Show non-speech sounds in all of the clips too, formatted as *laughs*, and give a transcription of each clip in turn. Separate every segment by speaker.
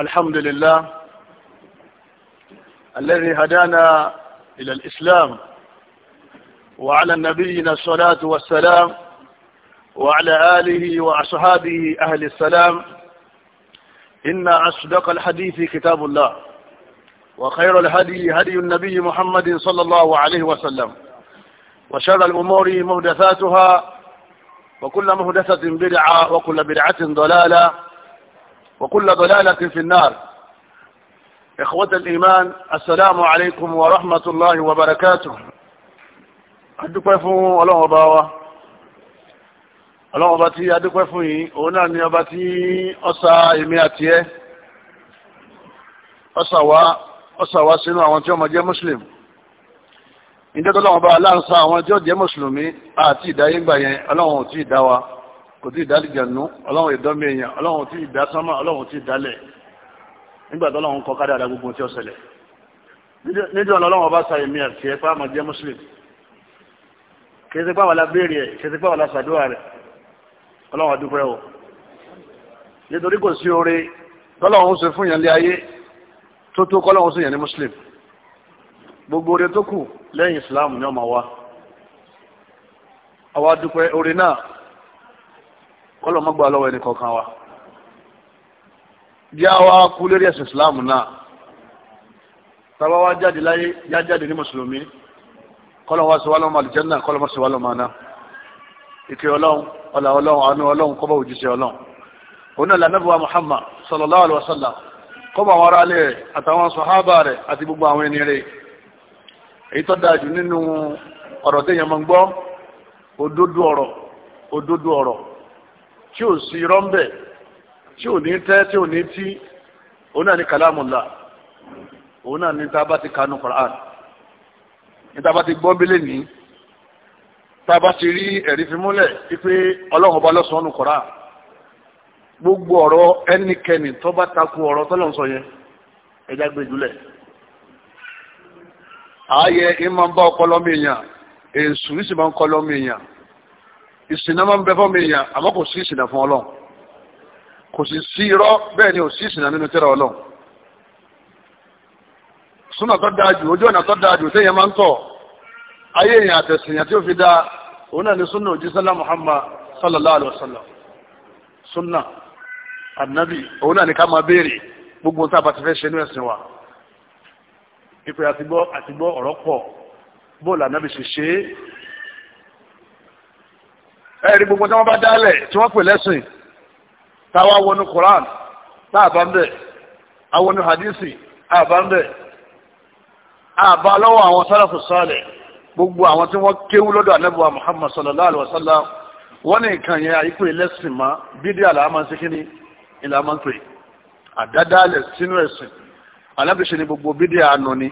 Speaker 1: الحمد لله الذي هدانا إلى الإسلام وعلى نبينا الصلاة والسلام وعلى آله وأصحابه أهل السلام إن أصدق الحديث كتاب الله وخير الهدي هدي النبي محمد صلى الله عليه وسلم وشر الأمور مهدثاتها وكل مهدثة بدعة وكل بدعة ضلالة وكل ضلالة في النار إخوة الإيمان السلام عليكم ورحمة الله وبركاته adúpẹ́ fún ọlọ́run ọba wa ọlọ́run ọba tí adúpẹ́ fún yìí òun náà ni ọba tí ọ̀sà èmi àti ẹ́ ọ̀sà wá ọ̀sà wá sínú àwọn tí ó máa jẹ́ muslim ìjọ́ tó lọ́wọ́ bá aláǹsá àwọn tí ó jẹ́ mùsùlùmí àti ìdáyégbà yẹn ọlọ́run ò tí ì dá wa kò tí ì dálìjànú ọlọ́run ìdánmí èèyàn ọlọ́run tí ìdá sánmà ọlọ́run tí ìdálẹ̀ nígbà tó ọlọ́run kọ kádàrà gbogbo tí ó ṣẹlẹ̀ níjọ́ ọlọ́run ọba sa èmi àti ẹ̀fà àmọ̀ jẹ́ mùsùlùmí kì í ṣe pàwọ́lá béèrè ẹ̀ kì í ṣe pàwọ́lá sàdúrà rẹ̀ ọlọ́run adúpẹ́ o nítorí kò sí oore tọ́lọ́run ṣe fún yẹn lé ayé tó tó kọ́lọ́run ṣe yẹn ní mùsùlùmí gbogbo oore tó kù lẹ́yìn ìsìláàmù ni ọmọ wa àwa adúpẹ́ oore náà kọ́lọ̀ mọ́gbà lọ́wọ́ ẹni kọ̀ọ̀kan wa jẹ́ àwa kú lérí ẹ̀sìn islam náà tàbá wá jáde láyé yá jáde ní mùsùlùmí kọ́lọ̀ wá sí wa lọ́mọ àlùjánnà kọ́lọ̀ mọ́ sí wa lọ́mọ àná ìkẹ́ ọlọ́run ọlà ọlọ́run àánú ọlọ́run kọ́bọ̀ òjíṣẹ́ ọlọ́run òun náà lànàbíwá muhammad sallallahu alaihi wasallam kọ́bọ̀ àwọn ará alẹ́ rẹ̀ àtàwọn sọ̀hábà rẹ̀ àti gbogbo àwọn ẹni rẹ̀ èyí tó dáa jù nínú ọ̀rọ̀ téèyàn máa ń gbọ́ òdodo ọ̀rọ̀ òdodo ọ̀rọ̀ tí ò sí irọ́ ń bẹ̀ tí ò ní tẹ́ tí ò ní tí òun náà ní kalamullah òun náà ní tá a bá ti ka Qur'an ní tá a bá ti gbọ́ bílẹ̀ ní tá a bá ti rí ẹ̀rí fi múlẹ̀ wípé ọlọ́run ọba lọ́sàn-án nu Qur'an gbogbo ọ̀rọ̀ ẹnikẹ́ni tó bá takú ọ̀rọ̀ tọ́lọ̀ ń sọ yẹn ẹja gbé ààyè ìmọ̀ ń bá ọkọ lọ́mọ èèyàn èsù ìsìn ń kọ lọ́mọ èèyàn ìsìnà máa ń bẹ fún mi èèyàn àmọ́ kò sí ìsìnà fún ọlọ́run kò sì sí irọ́ bẹ́ẹ̀ ni ò sí ìsìnà nínú tẹ́rẹ ọlọ́run súnà tó dáa jù ojú ọ̀nà tó dáa jù téèyàn máa ń tọ̀ ayé èèyàn àtẹ̀sìyàn tí ó fi dáa òun náà ni súnà òjísọ́lá Muhammad sallallahu alayhi wa sallam súnà ànábì òun náà ni ká máa béèrè gbogbo tá a bá ti fẹ́ ṣe ní ẹ̀sìn wa ìpè àtìgbọ́ àtìgbọ́ ọ̀rọ̀ pọ̀ bóòlù ànábì ṣe ṣe ẹ̀rí gbogbo tí wọ́n bá dálẹ̀ tí wọ́n pè lẹ́sìn táwa wọnú Quran táàbá ń bẹ̀ awọnú hadisi àbá ń bẹ̀ àbá lọ́wọ́ àwọn sáràfù sálẹ̀ gbogbo àwọn tí wọ́n kéwú lọ́dọ̀ anábùwà Muhammad sallallahu alaihi wasallam wọ́n ní nǹkan yẹn àyíkú ẹlẹ́sìn mọ́ bídí àlàámà sí kíní ìlàmà ń pè àdádálẹ̀ sínú ẹ̀sìn alábìṣe ni gbogbo bídí àánú ni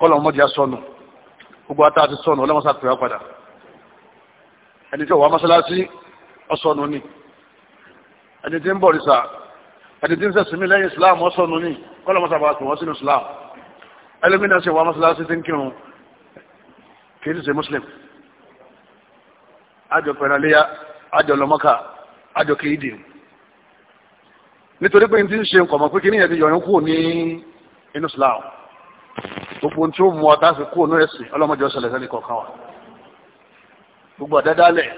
Speaker 1: kọ́lọ̀ mọ́jà sọnù gbogbo ata ti sọnù ọlọ́mọsá pè wá padà ẹni tí ó wá mọ́sálásí ọ̀sọ̀nù ni ẹni tí ń bọ̀ ẹni tí ń sẹ̀sìn lẹ́yìn islam ọ̀sọ̀nù ni kọ́lọ̀ wọ́n sínú islam ẹlẹ́mìnà tí ń kírun kì í ṣe muslim àjọ pẹ̀rẹ̀lẹ́yà àjọ àjọ nítorí pé n ti ń ṣe nǹkan mọ̀ pé kí kúrò ní inú islam gbogbo ohun tí ó gbogbo àdádálẹ̀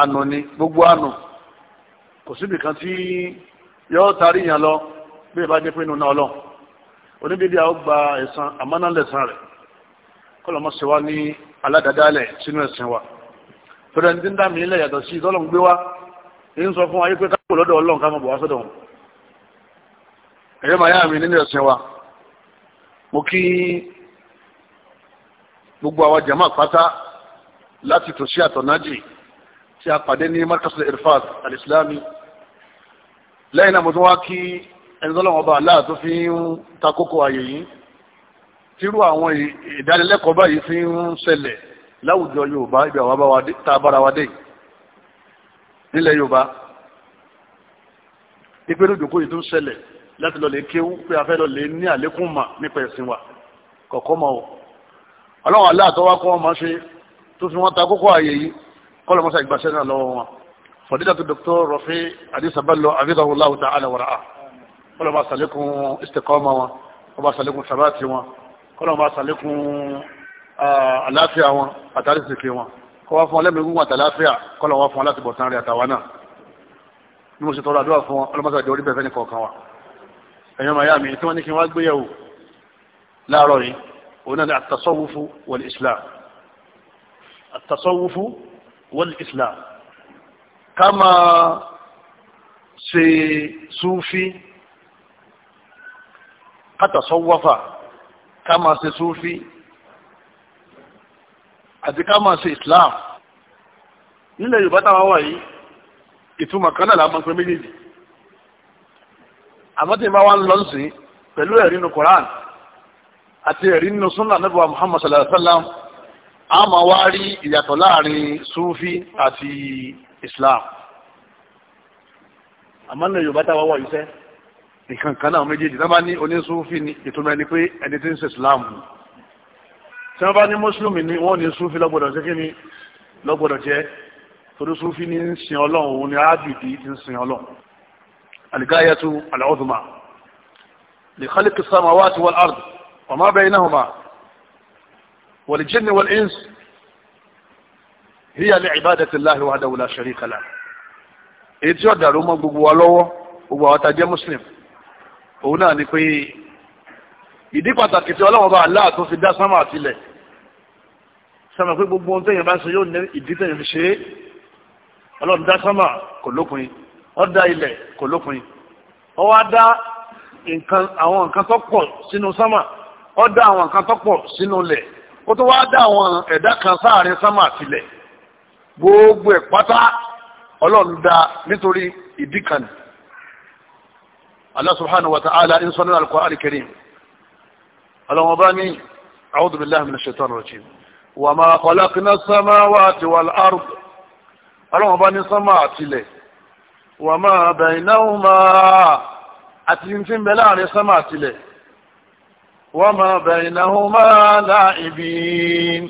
Speaker 1: ànú ni gbogbo ànú kò síbi kan tí yóò tarí yàn lọ bí ìbá jẹ́ pé inú náà lọ oníbíbí àwọn gba ẹ̀san àmánálẹ̀sán rẹ̀ kọlọmọ sí wa ní sínú ẹ̀sìn wa torí mi wa ń sọ fún pé káàkó lọ́dọ̀ ọlọ́run bọ̀ wá sọ́dọ̀ wọn ẹ̀yọ́ màá wa mo gbogbo pátá láti tòṣí àtọ̀nájì tí a pàdé ní markasul irfat alislami lẹ́yìn náà mo tún wá kí ẹnzọ́lọ́wọ́ ọba aláà tó fi ń takókò ààyè yìí tírú àwọn ìdánilẹ́kọ̀ọ́ báyìí fi ń ṣẹlẹ̀ láwùjọ yorùbá ibi àwọn abáwa tá a bára wa dé nílẹ̀ yorùbá ìpinnu ìdòkó yìí tó ń ṣẹlẹ̀ láti lọ lè kéwú pé a fẹ́ lọ lè ní àlékún mà nípa ẹ̀sìn wa kọ̀ọ̀kọ́ mọ́ ọ ọlọ́run aláà tó wá kọ́ wọn máa ṣe tó fi wọn ta kókó ààyè yìí kọ́lọ̀ mọ́sá ìgbàṣẹ́ náà lọ́wọ́ wọn fọ̀dídà tó dr rọ̀fí àdìsàbálò àbíkàwò láwùtà àlàwàrà kọ́lọ̀ bá sàlékún istikọ́mà wọn kọ́lọ̀ bá sàlékún sabati wọn kọ́lọ̀ bá sàlékún àlàáfíà wọn àtàrí sèké wọn kọ́wọ́ fún ọlẹ́mìí gúngun àtàláfíà kọ́lọ̀ wọn fún aláti bọ̀tán rẹ̀ àtàwa náà láàárọ̀ yìí òun náà ni àtàsọ́wúfú wal islam àtàsọ́wúfú wal islam ká máa ṣe súfí kátàsọ́wọ́fà ká máa ṣe súfí àti ká máa ṣe islam nílẹ̀ yorùbá táwọn wà yìí ìtumọ̀ kan náà la máa ń pè méjèèjì àmọ́ tí ìbá wa ń lọ sí pẹ̀lú ẹ̀rí nínú koran àti ẹ̀rí nínú súnà nígbà muhammad sallallahu alaihi wa sallam a máa wá rí ìyàtọ̀ láàrin sufi àti islam àmọ́ ní yorùbá táwa wà yìí sẹ́ nǹkan kan náà méjèèjì tí wọ́n bá ní onísúfì ní ìtumọ̀ ẹni pé ẹni tí ń ṣe islam tí wọ́n bá ní mùsùlùmí ni wọ́n ní súfì lọ́gbọ̀dọ̀ ṣe kí lọ́gbọ̀dọ̀ jẹ́ torí súfì ní ń sin ọlọ́run òun ni ábìdì ti ń sin ọlọ́run aligayatu alahuduma lè kálíkì sáma wá ti wọ́n ard wa ma والجن والإنس هي لعبادة الله وحده لا شريك له èyí tí ọ̀dà ló mọ gbogbo wa lọ́wọ́ gbogbo àwọn tá a jẹ́ muslim òun náà ni pé ìdí pàtàkì tí ọlọ́wọ́ bá aláà tó fi dá sánmà àtìlẹ̀ sánmà pé gbogbo ohun téèyàn bá ń ṣe yóò ní ìdí téèyàn fi ṣe é ọlọ́run dá sánmà kò lópin ó dá ilẹ̀ kò lópin ó wá dá nǹkan àwọn nǹkan tó pọ̀ sínú sánmà ó dá àwọn nǹkan tó pọ̀ sínú ilẹ̀ ó tún wáá dá àwọn ẹ̀dá kan sáàrin sánmà sílẹ̀ gbogbo ẹ̀ pátá ọlọ́run dá nítorí ìdí kan Allah subhanahu wa ta'ala ń sọ nínú al-Qur'an al-Karim ọlọ́run ọba ní a'udhu billahi minash shaitani rajim wa ma khalaqna as-samawati wal وما بينهما لاعبين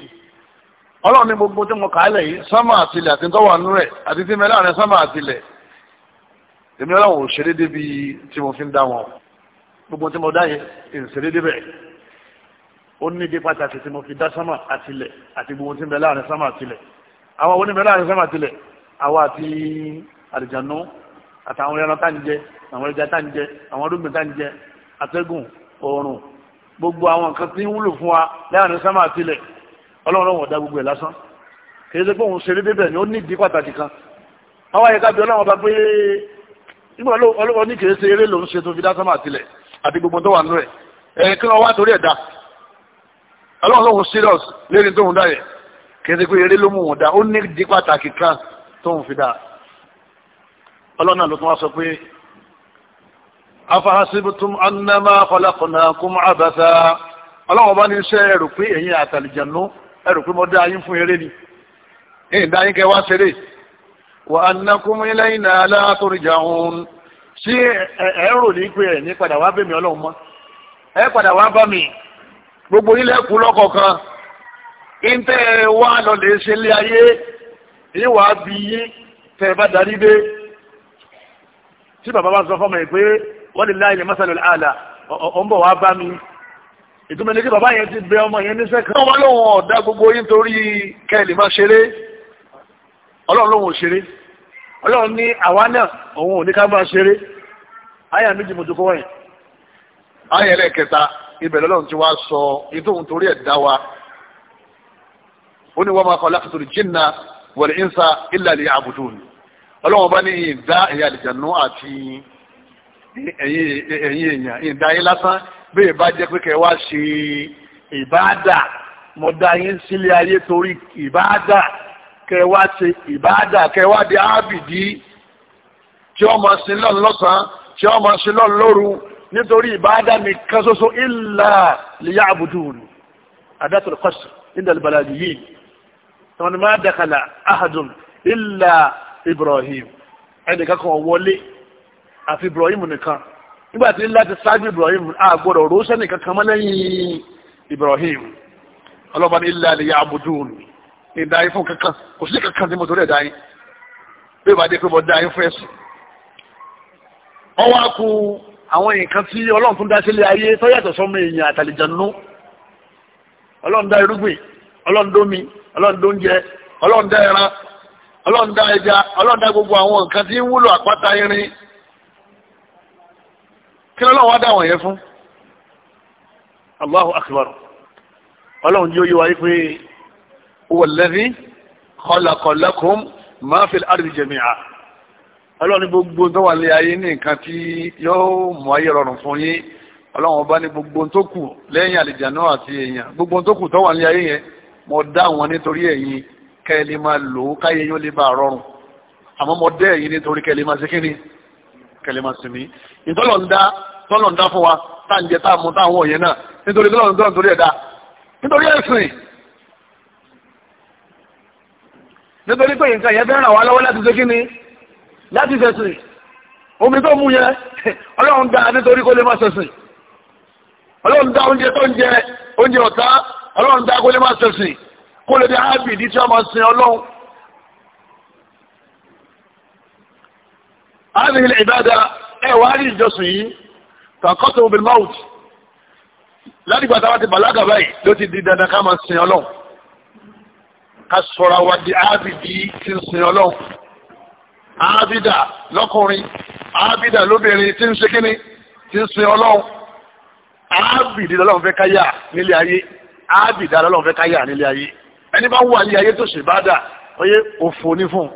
Speaker 1: ọlọ́run ní gbogbo tí mo kà á lẹ̀ yìí sánmà àtìlẹ̀ àti tó wà nú rẹ̀ àti tí mẹ́lá rẹ̀ sánmà àtìlẹ̀ èmi ọlọ́run ò ṣeré débi tí mo fi ń dá wọn gbogbo tí mo dá yẹn ìṣeré débẹ̀ ó ní ibi pàtàkì tí mo fi dá sánmà àtìlẹ̀ àti gbogbo tí mẹ́lá rẹ̀ sánmà àtìlẹ̀ àwọn oní mẹ́lá rẹ̀ sánmà àtìlẹ̀ àwa àti àdìjànú àtàwọn ẹran tá ń jẹ gbogbo àwọn nǹkan tí ń wúlò fún wa láàrin sámà àtìlẹ̀ ọlọ́run ọ̀dá gbogbo ẹ̀ lásán kìí ṣe pé òun ṣeré débẹ̀ ni ó ní ìdí pàtàkì kan àwọn àyíká bí ọlọ́run ọba pé nígbà ọlọ́run ní kìí ṣe eré lòun ṣe tó fi dá sámà àtìlẹ̀ àti gbogbo tó wà nínú ẹ̀ ẹ̀ kí wọ́n wá torí ẹ̀ dá ọlọ́run lóhun serious lérí tóhun dá yẹ kìí ṣe pé eré ló mú wọn dá ó ní ìdí pàtàkì kan tóhun fi dá ọlọ́run náà ló tún wá sọ pé afahasibutum annama khalaqnakum abatha ọlọ́wọ́n bá ní iṣẹ́ ẹrù pé ẹ̀yin àtàlìjànú ẹrù pé mo dá yín fún eré ni ẹ̀yin dá yín kẹ́ wá ṣeré wa annakum ilayna la turja'un sí ẹ̀rù ní pé ẹ̀yin padà wá bẹ̀mí ọlọ́run mọ́ ẹ padà wá bá mi gbogbo ilẹ̀ kú lọ́kọ̀ọ̀kan ìntẹ́ wà lọ́lẹ̀ ṣe lé ayé èyí wàá bí yín tẹ̀ bá darí dé tí bàbá bá sọ fọ́mọ ẹ̀ pé wọ́n lè láyé ní masalu àlà ọ̀ ń bọ̀ wá bá mi ìtumọ̀ ní kí bàbá yẹn ti bẹ ọmọ yẹn níṣẹ́ kan. wọ́n lóun ọ̀dà gbogbo yín torí kẹ́lì máa ṣeré ọlọ́run lóun ò ṣeré ọlọ́run ní àwa náà òun ò ní ká máa ṣeré àyà méjì mo dúkọ́ wọ̀nyẹn. àyà ẹlẹ́kẹta ibẹ̀ lọ́lọ́run ti wá sọ ìtòhun torí ẹ̀ dá wa ó ní wọ́n máa kọ́ láti torí jìnnà wal insa illa liya'budun ọlọ́run bá ní ìdá ẹ̀yà àlìjànú àti ẹ̀yin èèyàn ìdáyé lásán bẹ́ẹ̀ bá jẹ́ pé kẹ́ wá ṣe ìbáàdà mo dá yín sílé ayé torí ìbáàdà kẹ́ wá ṣe ìbáàdà kẹ́ wá di ábìdí tí wọ́n máa sin lọ́nà lọ́sàn-án tí wọ́n máa sin lọ́nà lóru nítorí ìbáàdà nìkan ṣoṣo ìlà lìyà àbùdù rù adátul qasr inda al-baladiyin tọ́ni má ìlà Ibrahim ẹnìkan kan wọlé àfi Ibrahim nìkan nígbà tí láti ṣáájú Ibrahim àgbọ̀dọ̀ rọ́ṣẹ́ nìkan kan mọ́ lẹ́yìn Ibrahim ọlọ́ba ní ilé àlèyé abudun ní ìdáyé fún kankan kò sí kankan tí mo torí ẹ̀ dáyé bí ìbàdí pé mo dáyé fún ẹ̀sìn. wọ́n wá ku àwọn nǹkan tí Ọlọ́run tún dá sílé ayé tó yàtọ̀ sọ́mọ èèyàn àtàlìjànú Ọlọ́run dá irúgbìn Ọlọ́run dómi Ọlọ́run dóúnjẹ Ọlọ́run dá ẹran Ọlọ́run dá ẹja Ọlọ́run dá gbogbo àwọn nǹkan tí ń wúlò àpáta irin kí lọ́lọ́run wá dá wọn yẹn fún Allahu akbar ọlọ́run yóò yí wa pé wọ̀lẹ́rí kọlàkọlẹ́kùn máa fi àrùn jẹ̀mìà ọlọ́run gbogbo tó wà lé ayé ní nǹkan tí yóò mú ayé rọrùn fún yín ọlọ́run ọba ní gbogbo tó kù lẹ́yìn àlìjànú àti èèyàn gbogbo tó kù tó wà lé ayé yẹn mo dá wọn nítorí ẹ̀yin kẹ́ẹ̀lì máa lò ó káyé yóò lè bá a rọrùn àmọ́ mo dẹ́ ẹ̀yin nítorí kẹ́ẹ̀lì máa ṣe kíni kẹ́ẹ̀lì máa sinmi ìtọ́lọ̀ ń dá tọ́lọ̀ ń dá fún wa tá à ń jẹ náà nítorí tọ́lọ̀ tọ́lọ̀ torí ẹ̀dá nítorí ẹ̀sìn nítorí pé nǹkan yẹn lọ́wọ́ láti ni láti ṣẹ̀sìn omi tó mú yẹn *laughs* ọlọ́run dá nítorí kó lè má ṣẹ̀sìn ọlọ́run dá oúnjẹ tó ń jẹ oúnjẹ ọ̀tá ọlọ́run dá kó lè má kó lè dé tí wọ́n máa sin ọlọ́run هذه العبادة kàkọ́tò obìnrin mouth láti gbà táwa ti bàlágà báyìí ló ti di dandan ká máa sin ọlọ́run ká sọ̀rọ̀ wa di ábìdí tí ń sin ọlọ́run ábìdà lọ́kùnrin ábìdà lóbìnrin tí ń ṣe kíni tí ń sin ọlọ́run ábìdí lọ́lọ́run fẹ́ káyà nílé ayé ábìdà lọ́lọ́run fẹ́ káyà nílé ayé ẹni bá wà ní ayé tó ṣèbádà oyé òfò ní fún un.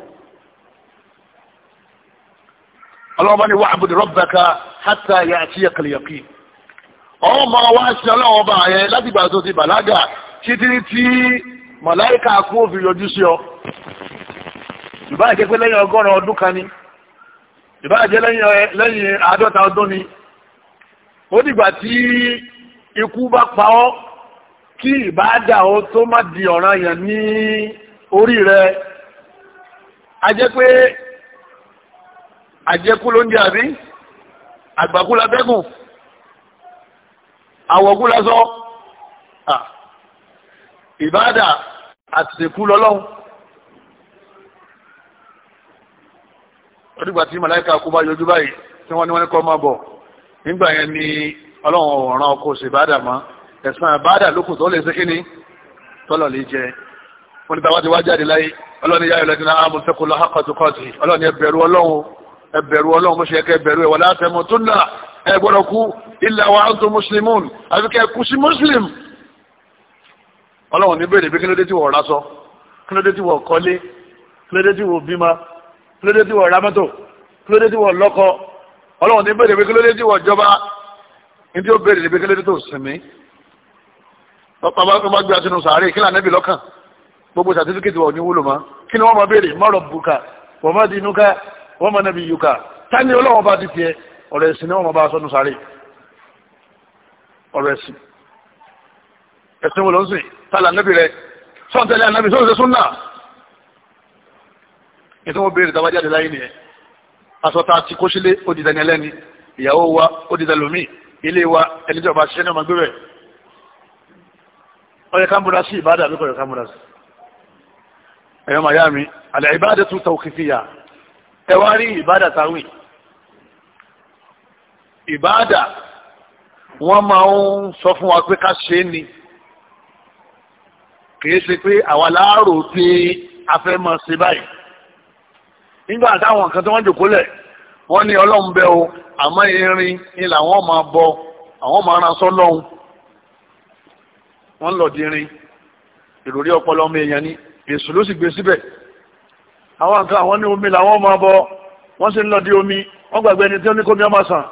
Speaker 1: ọlọ́wọ́ ni wàá bùdí rọ́bẹ̀ka hàtà yà àti yàkàlìyàkì ọ̀hún máa wá ṣe ọlọ́wọ́ bá yẹn láti gbà tó ti bàlágà títí tí màláìka kú òfin yọjú sí ọ ìbáà jẹ́ pé lẹ́yìn ọgọ́rùn ọdún kan ni ni ikú bá pa ọ́ kí ìbáàdà ó tó má di ọ̀ranyàn ní orí a àjẹkú ló ń jẹ àbí àgbàkú la tẹ́kùn àwọ̀kú la sọ ìbáàdà àtìsèkú lọ́lọ́hún. onígbà tí màláìka kú bá yọjú báyìí tí wọ́n ní wọ́n ní kọ́ máa bọ̀ nígbà yẹn ni ọlọ́run ọ̀ràn ọkọ̀ ṣe ìbáàdà mọ́ ẹ̀sán ìbáàdà lókùn tó lè ṣe kí ni tọ́lọ̀ lè jẹ wọ́n ní tàwa ti wá jáde láyé ọlọ́run yáyọ̀ lẹ́dínlá àmọ́ sẹ́kù lọ́hàkọ́ tó kọ́ọ̀tì ọlọ́run yẹn bẹ̀rù ọlọ́run ẹbẹ̀rù ọlọ́run mọ́ṣẹ́ kẹ́ ẹbẹ̀rù ẹ̀ wala tamutunna ẹ gbọ́dọ̀ kú illa wa antum muslimun àfi kẹ́ ẹ kú sí muslim. ọlọ́run ní bèrè pé kí ló dé tí wọ́n rà sọ kí ló dé tí wọ́n kọ́lé kí ló dé tí wọ́n bímọ kí ló dé tí wọ́n ra mọ́tò kí ló dé tí wọ́n lọ́kọ ọlọ́run ní bèrè pé kí ló dé tí wọ́n jọba ní tí ó bèrè ní pé tó sinmi. bàbá tó gbé aṣọ sàárè kí lànà gbogbo certificate wa ò ní wúlò mọ́ kí ni wọ́n máa béèrè mọ́rọ̀ bùkà wọ́n má dinú ká wọ́n mọ̀ nàbí yuka tani ọlọ́wọ́n bá ti tiẹ̀ ọ̀rọ̀ ẹ̀sìn ni wọ́n bá sọ́nu sáré ọ̀rọ̀ ẹ̀sìn ẹ̀sìn wo ló ń sìn tala nàbí rẹ sọ́ọ̀tẹ̀lẹ̀ nàbí sọ́ọ̀tẹ̀ súnà ètò wọn béèrè tàbá jáde láyé nìyẹn aṣọ ta ti kó sílé ó di daniel ìyàwó wa ó di dalomi ilé wa ẹni tí ọba ṣiṣẹ́ ní ọmọ gbé rẹ̀ ọyẹ kámbúra sí ìbádà àbíkọ̀ ọyẹ kámbúra sí ẹ̀yọ́ màyá mi àlẹ́ ìbádà tún tàwọn kìfìyà ẹ wá rí ìbádà táwìn ìbádà wọ́n máa ń sọ fún wa pé ká ṣe é ni kìí ṣe pé àwa láàárò pé a fẹ́ máa ṣe báyìí nígbà táwọn kan tí wọ́n jòkó lẹ̀
Speaker 2: wọ́n ní ọlọ́run bẹ́ o
Speaker 1: àmọ́ irin ni làwọn máa bọ àwọn máa ran sọ́lọ́hún wọ́n lọ di irin ìròrí ọpọlọ ọmọ èèyàn ni èṣù ló sì gbé síbẹ̀ àwọn nǹkan àwọn ní omi làwọn máa bọ wọ́n sì ń lọ di omi wọ́n gbàgbé ẹni tí ó ní kómi ọmọ sàn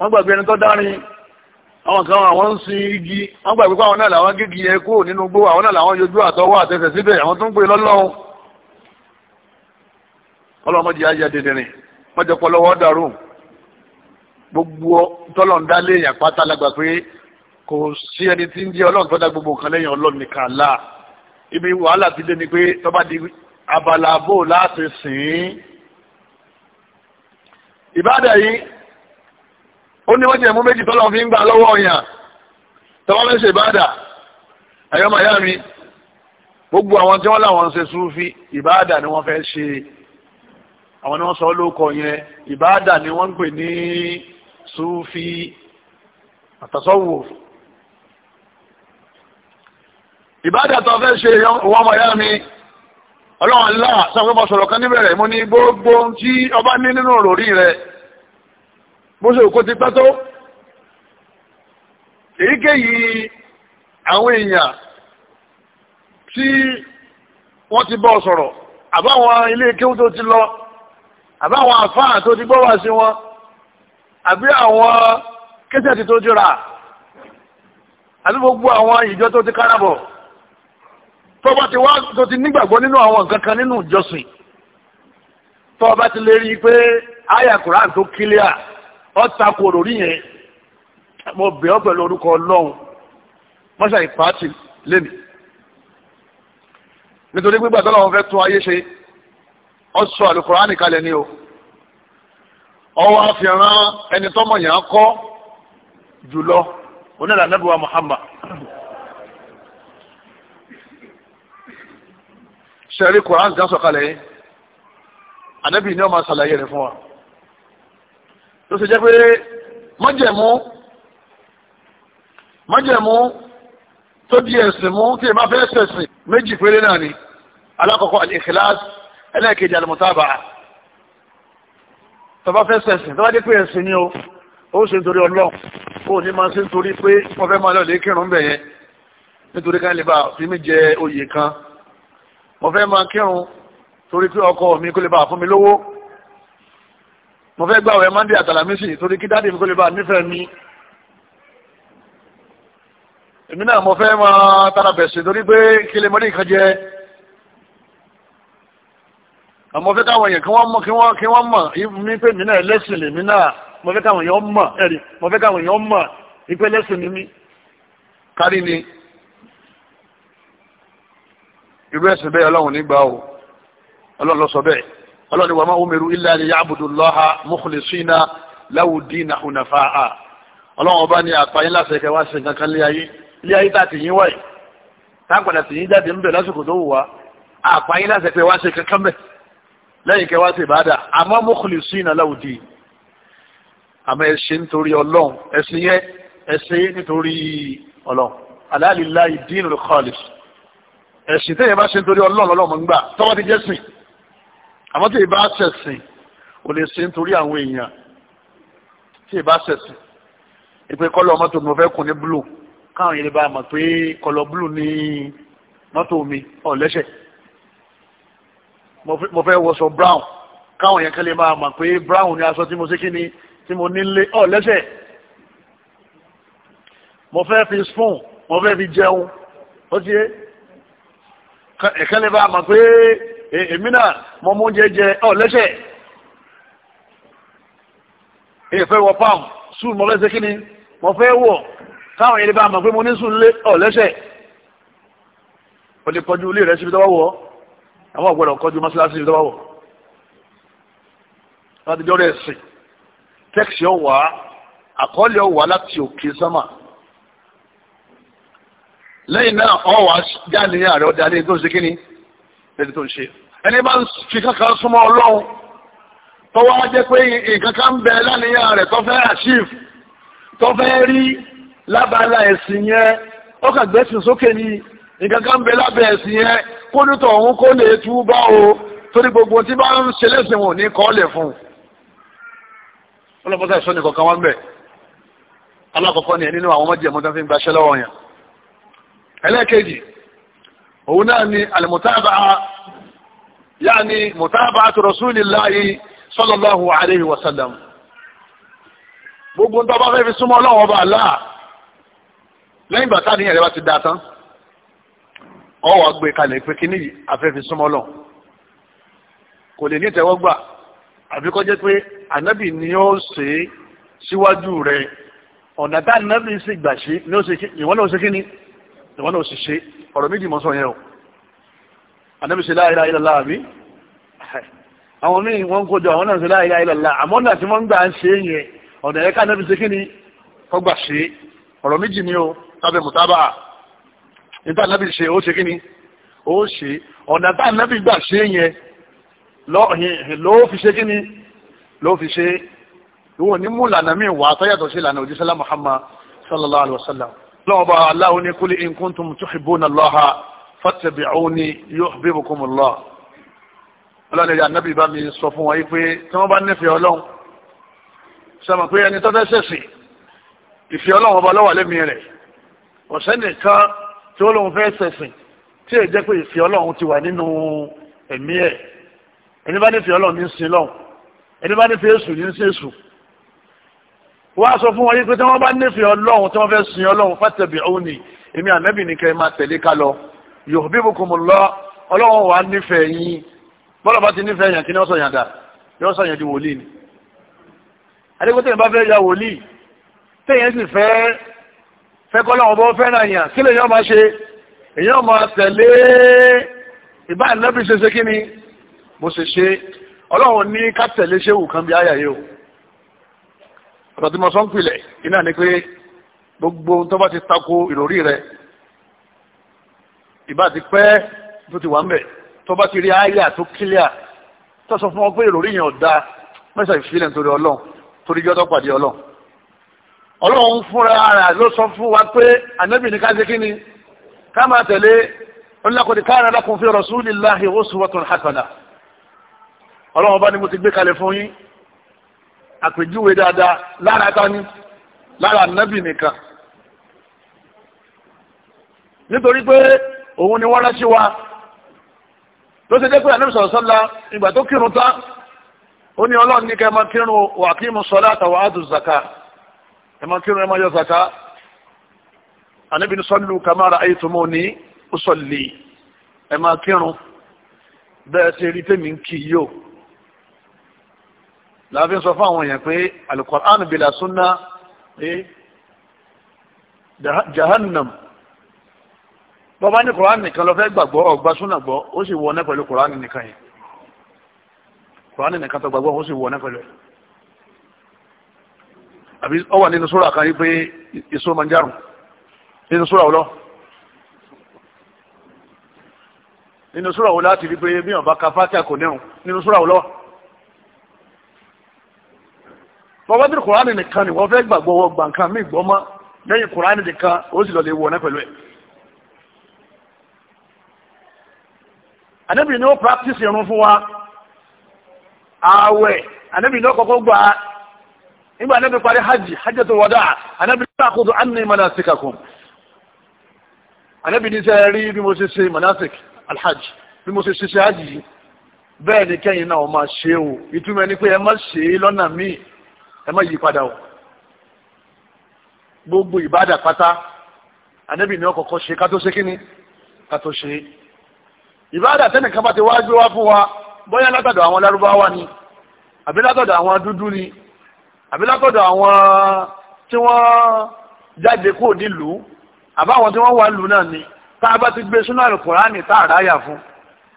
Speaker 1: wọ́n gbàgbé ẹni tó dárin àwọn kan àwọn ń sin igi wọ́n gbàgbé pé àwọn náà làwọn gígi yẹ kó nínú gbó àwọn náà làwọn yojú àtọwọ́ àtẹsẹ̀ síbẹ̀ àwọn tó ń pè lọ́lọ́run ọlọ́mọdé ayé dìndìnrín mọ́jọ pọ̀ lọ́wọ́ dàrú gbogbo tọ́lọ̀ ń dálé èèyàn pátá lágbà pé kò sí ẹni tí ń jẹ́ ọlọ́run tó dá gbogbo nǹkan lẹ́yìn ọlọ́run nìkan láà ibi wàhálà ti dé ni pé tọ́ba di abala bò láti sìn ín ìbádà yìí ó ní wọ́n ti ẹ̀mú méjì tọ́lọ́ fi ń gbà lọ́wọ́ ọ̀yàn tọ́wọ́ fẹ́ ṣe ìbádà ẹ̀yọ́ màyá mi gbogbo àwọn tí wọ́n láwọn ṣe súnfí ìbádà ni wọ́n fẹ́ ṣe àwọn ni wọ́n sọ lóko yẹn ìbádà ni wọ́n ń pè ní súnfí àtàsọ́wò ìbádà tó fẹ́ ṣe wọ́n màyá mi ọlọ́run Allah sọ pé mo sọ̀rọ̀ kan níbẹ̀rẹ̀ mo ní gbogbo tí ọba ní nínú òròrí rẹ̀ bó ṣe òkú ti pẹ́ tó èyíkéyìí àwọn èèyàn tí wọ́n ti bọ́ sọ̀rọ̀ àbáwọn ilé kéwú tó ti lọ àbáwọn àfáà tó ti gbọ́wà sí wọn àbí àwọn kẹ́sẹ̀tì tó jọra àbí gbogbo àwọn ìjọ tó ti kárabọ̀ tọba ti wá tó ti nígbàgbọ́ nínú àwọn nǹkan kan nínú ìjọsìn tọba ti lè rí i pé aya Quran tó kílíà ọ̀ta kò lórí yẹn mo bẹ̀ pẹ̀lú orúkọ ọlọ́run mọ́ṣá ìpàtì lẹ́nu nítorí gbígbà tó fẹ́ ọ sọ nìkalẹ̀ ni o ọwọ́ àfihàn ẹni tọ́mọ̀ yẹn kọ́ sẹ́rí koran gan sọ̀kalẹ̀ yìí anabi ni wọ́n máa ṣàlàyé rẹ̀ fún wa tó ṣe jẹ́ pé májẹ̀mú májẹ̀mú tó di ẹ̀sìn mú tí ẹ bá fẹ́ ṣẹ̀sìn méjì péré náà ni alákọ̀ọ́kọ́ al-ikhlas ẹlẹ́ẹ̀kejì al-mutaba'a tó bá fẹ́ ṣẹ̀sìn tó bá dé pé ẹ̀sìn ni o ó ṣe nítorí ọlọ́ ó ní máa ṣe nítorí pé wọ́n fẹ́ máa lọ́ọ̀lẹ́ kírun bẹ̀yẹn nítorí ká lè bá fi mí jẹ oyè kan mo fẹ́ máa kírun torí pé ọkọ mi kó lè bá fún mi lówó mo fẹ́ gbàwẹ̀ mande àtàlámísì torí kí dáàdì mi kó lè bá nífẹ̀ẹ́ mi èmi náà mo fẹ́ máa tara bẹ̀sẹ̀ torí pé kí lè mọ́rí nǹkan àmọ́ fẹ́ káwọn èèyàn kí wọ́n mọ̀ kí wọ́n kí wọ́n mọ̀ mi pé mi náà lẹ́sìn lèmi náà mo fẹ́ káwọn èèyàn mọ̀ ẹ̀rí mo fẹ́ káwọn èèyàn mọ̀ ìpè lẹ́sìn mi kárí ni irú ẹ̀sìn bẹ́ẹ̀ ọlọ́run nígbà o ọlọ́run lọ sọ bẹ́ẹ̀ ọlọ́run ni wa ma umiru illa liya'budullaha mukhlisina lahu dina hunafa'a ọlọ́run ọba ni àpáyé láti ẹ̀kẹ́ wá sí nǹkan kan lé ayé lé ayé tá a ti yín wáyé tá a padà sì yín jáde ńbẹ lásìkò tó wù wá àpáyé láti ẹ̀kẹ́ wá sí kankan bẹ̀ lẹ́yìn kẹ́ wá sí ìbáàdà àmọ́ mukhlisina lahu din àmọ́ ẹ̀sìn nítorí ọlọ́run ẹ̀sìn yẹn ẹ̀sìn nítorí ọlọ́run alalillahi dinul khalis ẹ̀sìn tẹ́yẹ bá ṣe nítorí ọlọ́run ọlọ́mọ ń gbà tọ́wọ́ ti jẹ́ sìn àmọ́ tí ìbá ṣẹ̀sìn ò lè ṣe nítorí àwọn èèyàn tí ìbá ṣẹ̀sìn ìpè kọ́lọ̀ mọ́tò mi ò fẹ́ kùn ní blu káwọn yẹn lè bá mọ̀ pé kọ́lọ̀ blu ní mọ́tò mi ọ̀ lẹ́sẹ̀ mo fẹ́ wọṣọ brown káwọn yẹn kẹ́lẹ́ máa mọ̀ pé brown ni aṣọ tí mo ṣe kí ni tí mo nílé ọ̀ lẹ́sẹ̀ mo fẹ́ fi spoon mo fẹ́ fi jẹun ó ti yé ẹ̀kẹ́ lè bá mọ̀ pé èmi náà mọ mú jẹjẹ ọ lẹ́sẹ̀ èèfẹ́ wọ pam sùn mọ lẹ́sẹ̀ kíni mọ fẹ́ wọ̀ káwọn yẹn lè bá mọ̀ pé mo ní sùn lé ọ lẹ́sẹ̀ o lè kọjú ilé rẹ síbi tó bá wọ̀ àwọn ọ̀gbọ́dọ̀ kọjú mọ́ṣáláṣí síbi tó bá wọ̀ láti jọ́rọ̀ ẹ̀sìn tẹ́kṣì ọ̀wà àkọọ́lẹ̀ ọ̀wà láti òkè sámà lẹ́yìn náà ọ wà jáde ní ààrẹ ọ̀dà lẹ́yìn tó ń ṣe kí ni lẹ́yìn tó ń ṣe ẹni bá ń fi kankan súnmọ́ ọlọ́run tó wá jẹ́ pé nǹkan kan ń bẹ lánìyàn rẹ̀ tó fẹ́ achieve tó fẹ́ rí lábala ẹ̀sìn yẹn ó kà gbẹ́sìn sókè ni nǹkan kan ń bẹ lábẹ́ ẹ̀sìn yẹn kó nítọ̀ òun kó lè tú bá o torí gbogbo tí bá ń ṣe lẹ́sìn wọn ní kọ́ lè fún un ọlọ́pàá sọ ní kọ̀ọ̀kan ń bẹ̀ alákọ̀ọ́kọ́ ni ẹ̀ nínú àwọn ọmọdé ẹ̀mọ́ta fi ń gbaṣẹ́ lọ́wọ́ yẹn ẹlẹ́ẹ̀kejì òun náà ni alimutaba yaani mutaba tu rasulillahi sallallahu alayhi wa sallam gbogbo ń tọ́ba fẹ́ẹ́ fi súnmọ́ ọlọ́wọ́ bá láà lẹ́yìn bàtà níyàrá bá ti dá tán ọwọ́ àgbè kalẹ̀ pé kíní afẹ́fẹ́ súnmọ́ lọ kò lè ní ìtẹ́wọ́gbà àfi kó jẹ́ pé ànábì ni ó ṣe síwájú rẹ̀ ọ̀nà tá ànábì sì gbà ṣe ni ó ṣe ìwọ́n náà ó ṣe kíní ìwọ náà sì ṣe ọ̀rọ̀ méjì mọ́ sọ yẹn o ànábì ṣe láìláì lọ́la àbí àwọn míì wọ́n ń kójọ àwọn náà ṣe láìláì lọ́la àmọ́ náà tí wọ́n ń gbà ń ṣe yẹn ọ̀nà ẹ̀ka ànábì ṣe kí ni kọ́gbà ṣe ọ̀rọ̀ méjì ni o tábẹ̀ mùtábà níta ànábì ṣe ó ṣe kí ni ó ṣe ọ̀nà tá ànábì gbà ṣe yẹn ló fi ṣe kí ni ló fi ṣe ìwọ̀n ní mú míì wà tó sí lànà òjísọ́lá Muhammad sallallahu alaihi wasallam lọ́wọ́ba aláwo ní kúlẹ̀ in kuntum tuhibbuna Allaha fattabi'uni yuhbibkumu Allah ọlọ́run ẹ̀yà nábì bá mi sọ fún wọn yìí pé tí wọ́n bá nífẹ̀ẹ́ ọlọ́run sọmọ pé ẹni tó sẹ̀sì ìfẹ́ ọlọ́run ọba lọ́wọ́ lẹ́mí rẹ̀ ọ̀sẹ́ nìkan tí ó lóun fẹ́ sẹ̀sìn tí èyí jẹ́ pé ìfẹ́ ọlọ́run ti wà nínú ẹ̀mí ẹ̀ ẹni bá nífẹ̀ẹ́ ọlọ́run ní wọ́n á sọ fún wọn yí pé tí wọ́n bá nífẹ̀ẹ́ ọlọ́run tí wọ́n fẹ́ sin ọlọ́run fattabi'uni èmi ànábì ní kẹ́ máa tẹ̀lé ká lọ yuhbibkumullah ọlọ́run wà nífẹ̀ẹ́ yín bọ́lá bá ti nífẹ̀ẹ́ yàn kí ni wọ́n sọ yàn dà yọ́ sọ yàn di wòlíì ni. adékòtò yẹn bá fẹ́ ya wòlíì téèyàn sì fẹ́ fẹ́ kọ́ lọ́wọ́ bọ́ fẹ́ràn yàn kí lèèyàn máa ṣe èèyàn máa tẹ̀lé ìbá ànábì ṣe ṣe kí ni mo ṣe ṣe ọlọ́run ní ká tẹ̀lé ṣéwù kan bí ayà yìí o ọ̀rọ̀ tí mo sọ ń pilẹ̀ iná ni pé gbogbo tó bá ti tako ìròrí rẹ ìbá ti pẹ́ tó ti wà ń bẹ̀ tó bá ti rí àyà tó kílíà tó sọ fún ọ pé ìròrí yẹn ò mẹ́sàn ìfilẹ̀ nítorí ọlọ́run torí jọ́tọ̀ pàdé ọlọ́run ọlọ́run fúnra rẹ̀ ló sọ fún wa pé ànábì ní káṣe kí ni ká máa tẹ̀lé onílàkọ̀dé káàrà lákùn fi rasulillahi uswatun hasana ọlọ́run bá ní mo ti gbé kalẹ̀ fún yín àpèjúwe dáadáa lára dání lára nábì nìkan nítorí pé òun ni wọ́n ránṣẹ́ wa tó ṣe jẹ́ pé ànábì sọ̀rọ̀ sọ́la ìgbà tó kírun tán ó ní ọlọ́run ní kẹ́ máa kírun wà kí mu sọ́lá àtàwọn àdùn zaka ẹ máa kírun ẹ máa yọ zaka ànábì ní sọ́lù kamara ayétumọ̀ ní ó sọ̀lì ẹ máa kírun bẹ́ẹ̀ ṣe rí tèmi ń kì í yóò láàfin sọ fún àwọn èèyàn pé alukur'an bila sunna eh jahannam bọ́bá ní kur'an nìkan lọ fẹ́ gbàgbọ́ ọgbà sunna gbọ́ ó sì wọ ọ́nẹ́ pẹ̀lú kur'an nìkan yẹn kur'an nìkan tó gbàgbọ́ ó sì wọ ọ́nẹ́ pẹ̀lú ẹ̀ àbí ọ wà nínú sura kan rí pé èso máa ń járùn nínú sura ọlọ́ nínú sura ọlọ́ láti rí pé bí ọba ka fátíà kò nínú sura ọlọ́ bọ́bá tí kùránì nìkan ni wọ́n fẹ́ gbàgbọ́ wọ gbàǹkan mí gbọ́mọ́ lẹ́yìn kùránì nìkan ó sì lọ lè wọ̀ náà pẹ̀lú ẹ̀ ànábì ni ó practice irun fún wa ààwẹ̀ ànábì ni ó kọ́kọ́ gbà á nígbà ànábì parí hajj hajjatul wadaa ànábì ní ta'khudhu anni manasikakum ànábì ní sẹ́ rí bí mo ṣe ṣe manasik alhajj bí mo ṣe ṣe ṣe hajj bẹ́ẹ̀ ni kẹ́yìn náà máa ṣe o ìtumọ̀ ni pé ẹ má ṣe lọ́nà míì ẹ má yí padà o gbogbo ìbádà pátá ànábì ni ọkọ̀ọ̀kọ̀ ṣe ká tó ṣe kíni ká tó ṣe ìbádà tẹ́nìkan bá ti wá gbé wá fún wa bóyá látọ̀dọ̀ àwọn lárúbáwá ni àbí látọ̀dọ̀ àwọn dúdú ni àbí látọ̀dọ̀ àwọn tí wọ́n jáde kúrò nílùú àbáwọn tí wọ́n wà lù náà ni tá a bá ti gbé sínú àlùkùránì tá àrá yà fún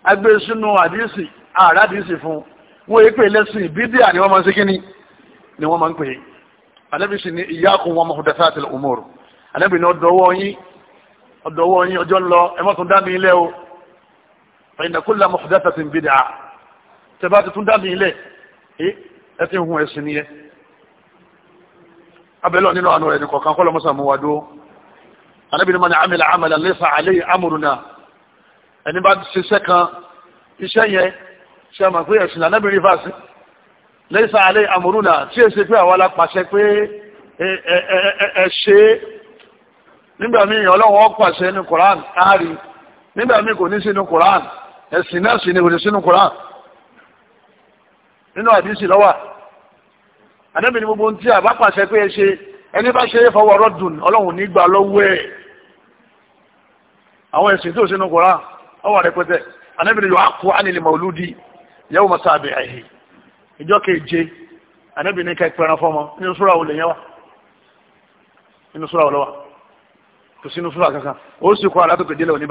Speaker 1: a gbé sínú àdìsí àrá fún wọn èé lẹ́sìn bídíà ni wọ́n máa ṣe kíni ni wọ́n máa ń pè é anabi sì ni iyyakum wa muhdathatil umur anabi ni ọdọwọ yín ọdọwọ yín ọjọ́ lọ ẹ má tún dá mi ilẹ̀ o fa inna kulla muhdathatin bid'ah tẹ bá ti tún dá mi ilẹ̀ ẹ ti hun ẹ̀sìn nìyẹn abẹ́lọ́ nínú àánú rẹ̀ nìkọ̀ọ̀kan kọ́ lọ́mọ́sà mú wa dúró anabi ni man amila amalan laysa alayhi amruna ẹni bá ṣiṣẹ́ kan iṣẹ́ yẹn ṣe àmà pé ẹ̀sìn lànàbìnrin lẹ́sà alẹ́ àmúrúnà tí è ṣe pé àwọn alápàṣẹ pé ẹ ṣe nígbà míì ọlọ́wọ́ pàṣẹ ní koran káàrí nígbà míì kò ní sínú koran ẹ̀sìn náà sì ni kò ní sínú koran nínú àdísì lọ́wà àdẹ́bì ni gbogbo tí a bá pàṣẹ pé ẹ ṣe ẹni bá ṣe fọwọ́ rọ́dùn ọlọ́run nígbà lọ́wọ́ ẹ̀ àwọn ẹ̀sìn tí sínú koran ọwọ́ rẹpẹtẹ àdẹ́bì ni yóò á kó ánìlè màlúdi yẹ́wò mọ́sáàbẹ̀ àìhìn ìjọ keje n'i ka ká ìpẹran fọmọ nínú súra olè yẹn wà nínú súra olówà kò sínú súra kankan ó sì kọ́ alátòkè délẹ̀ òní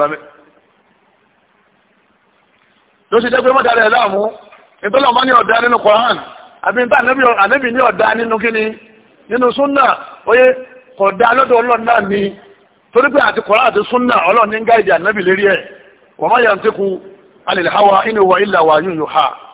Speaker 1: ló ṣe jẹ́ pé ẹ̀ láàmú ìtọ́lọ̀ máa ní ọ̀dá nínú Quran àbí ní ọ̀dá nínú kíni nínú súnà oyé lọ́dọ̀ náà ni torí pé àti àti súnà ní ń gáìdì lérí ẹ̀ wọ́n hawa wa ha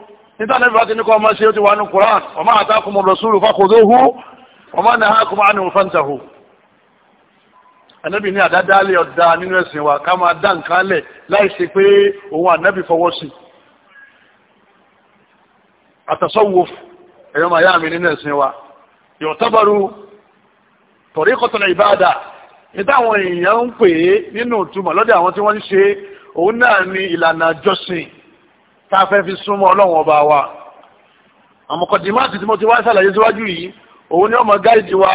Speaker 1: níta níbi bá ti ní kọ́ ọmọ ṣe ó ti wà ní Quran wa ma atakumur rasulu fakhudhuhu wa ma nahakum anhu fantahu. a ní àdádálẹ̀ ọ̀dá nínú ẹ̀sìn wa ká máa dá nǹkan lẹ̀ láì ṣe pé òun ànábì fọwọ́ sí i. ẹ̀yọ́ máa yá mi nínú ẹ̀sìn wa ibada níta èèyàn ń pè é nínú ìtumọ̀ àwọn tí wọ́n ń ṣe òun tá a fẹ́ fi súnmọ́ ọlọ́run ọba wa àmọ̀kọ̀dìmáàtì tí mo ti wá ṣàlàyé síwájú yìí òun ni ọmọ gáìdì wa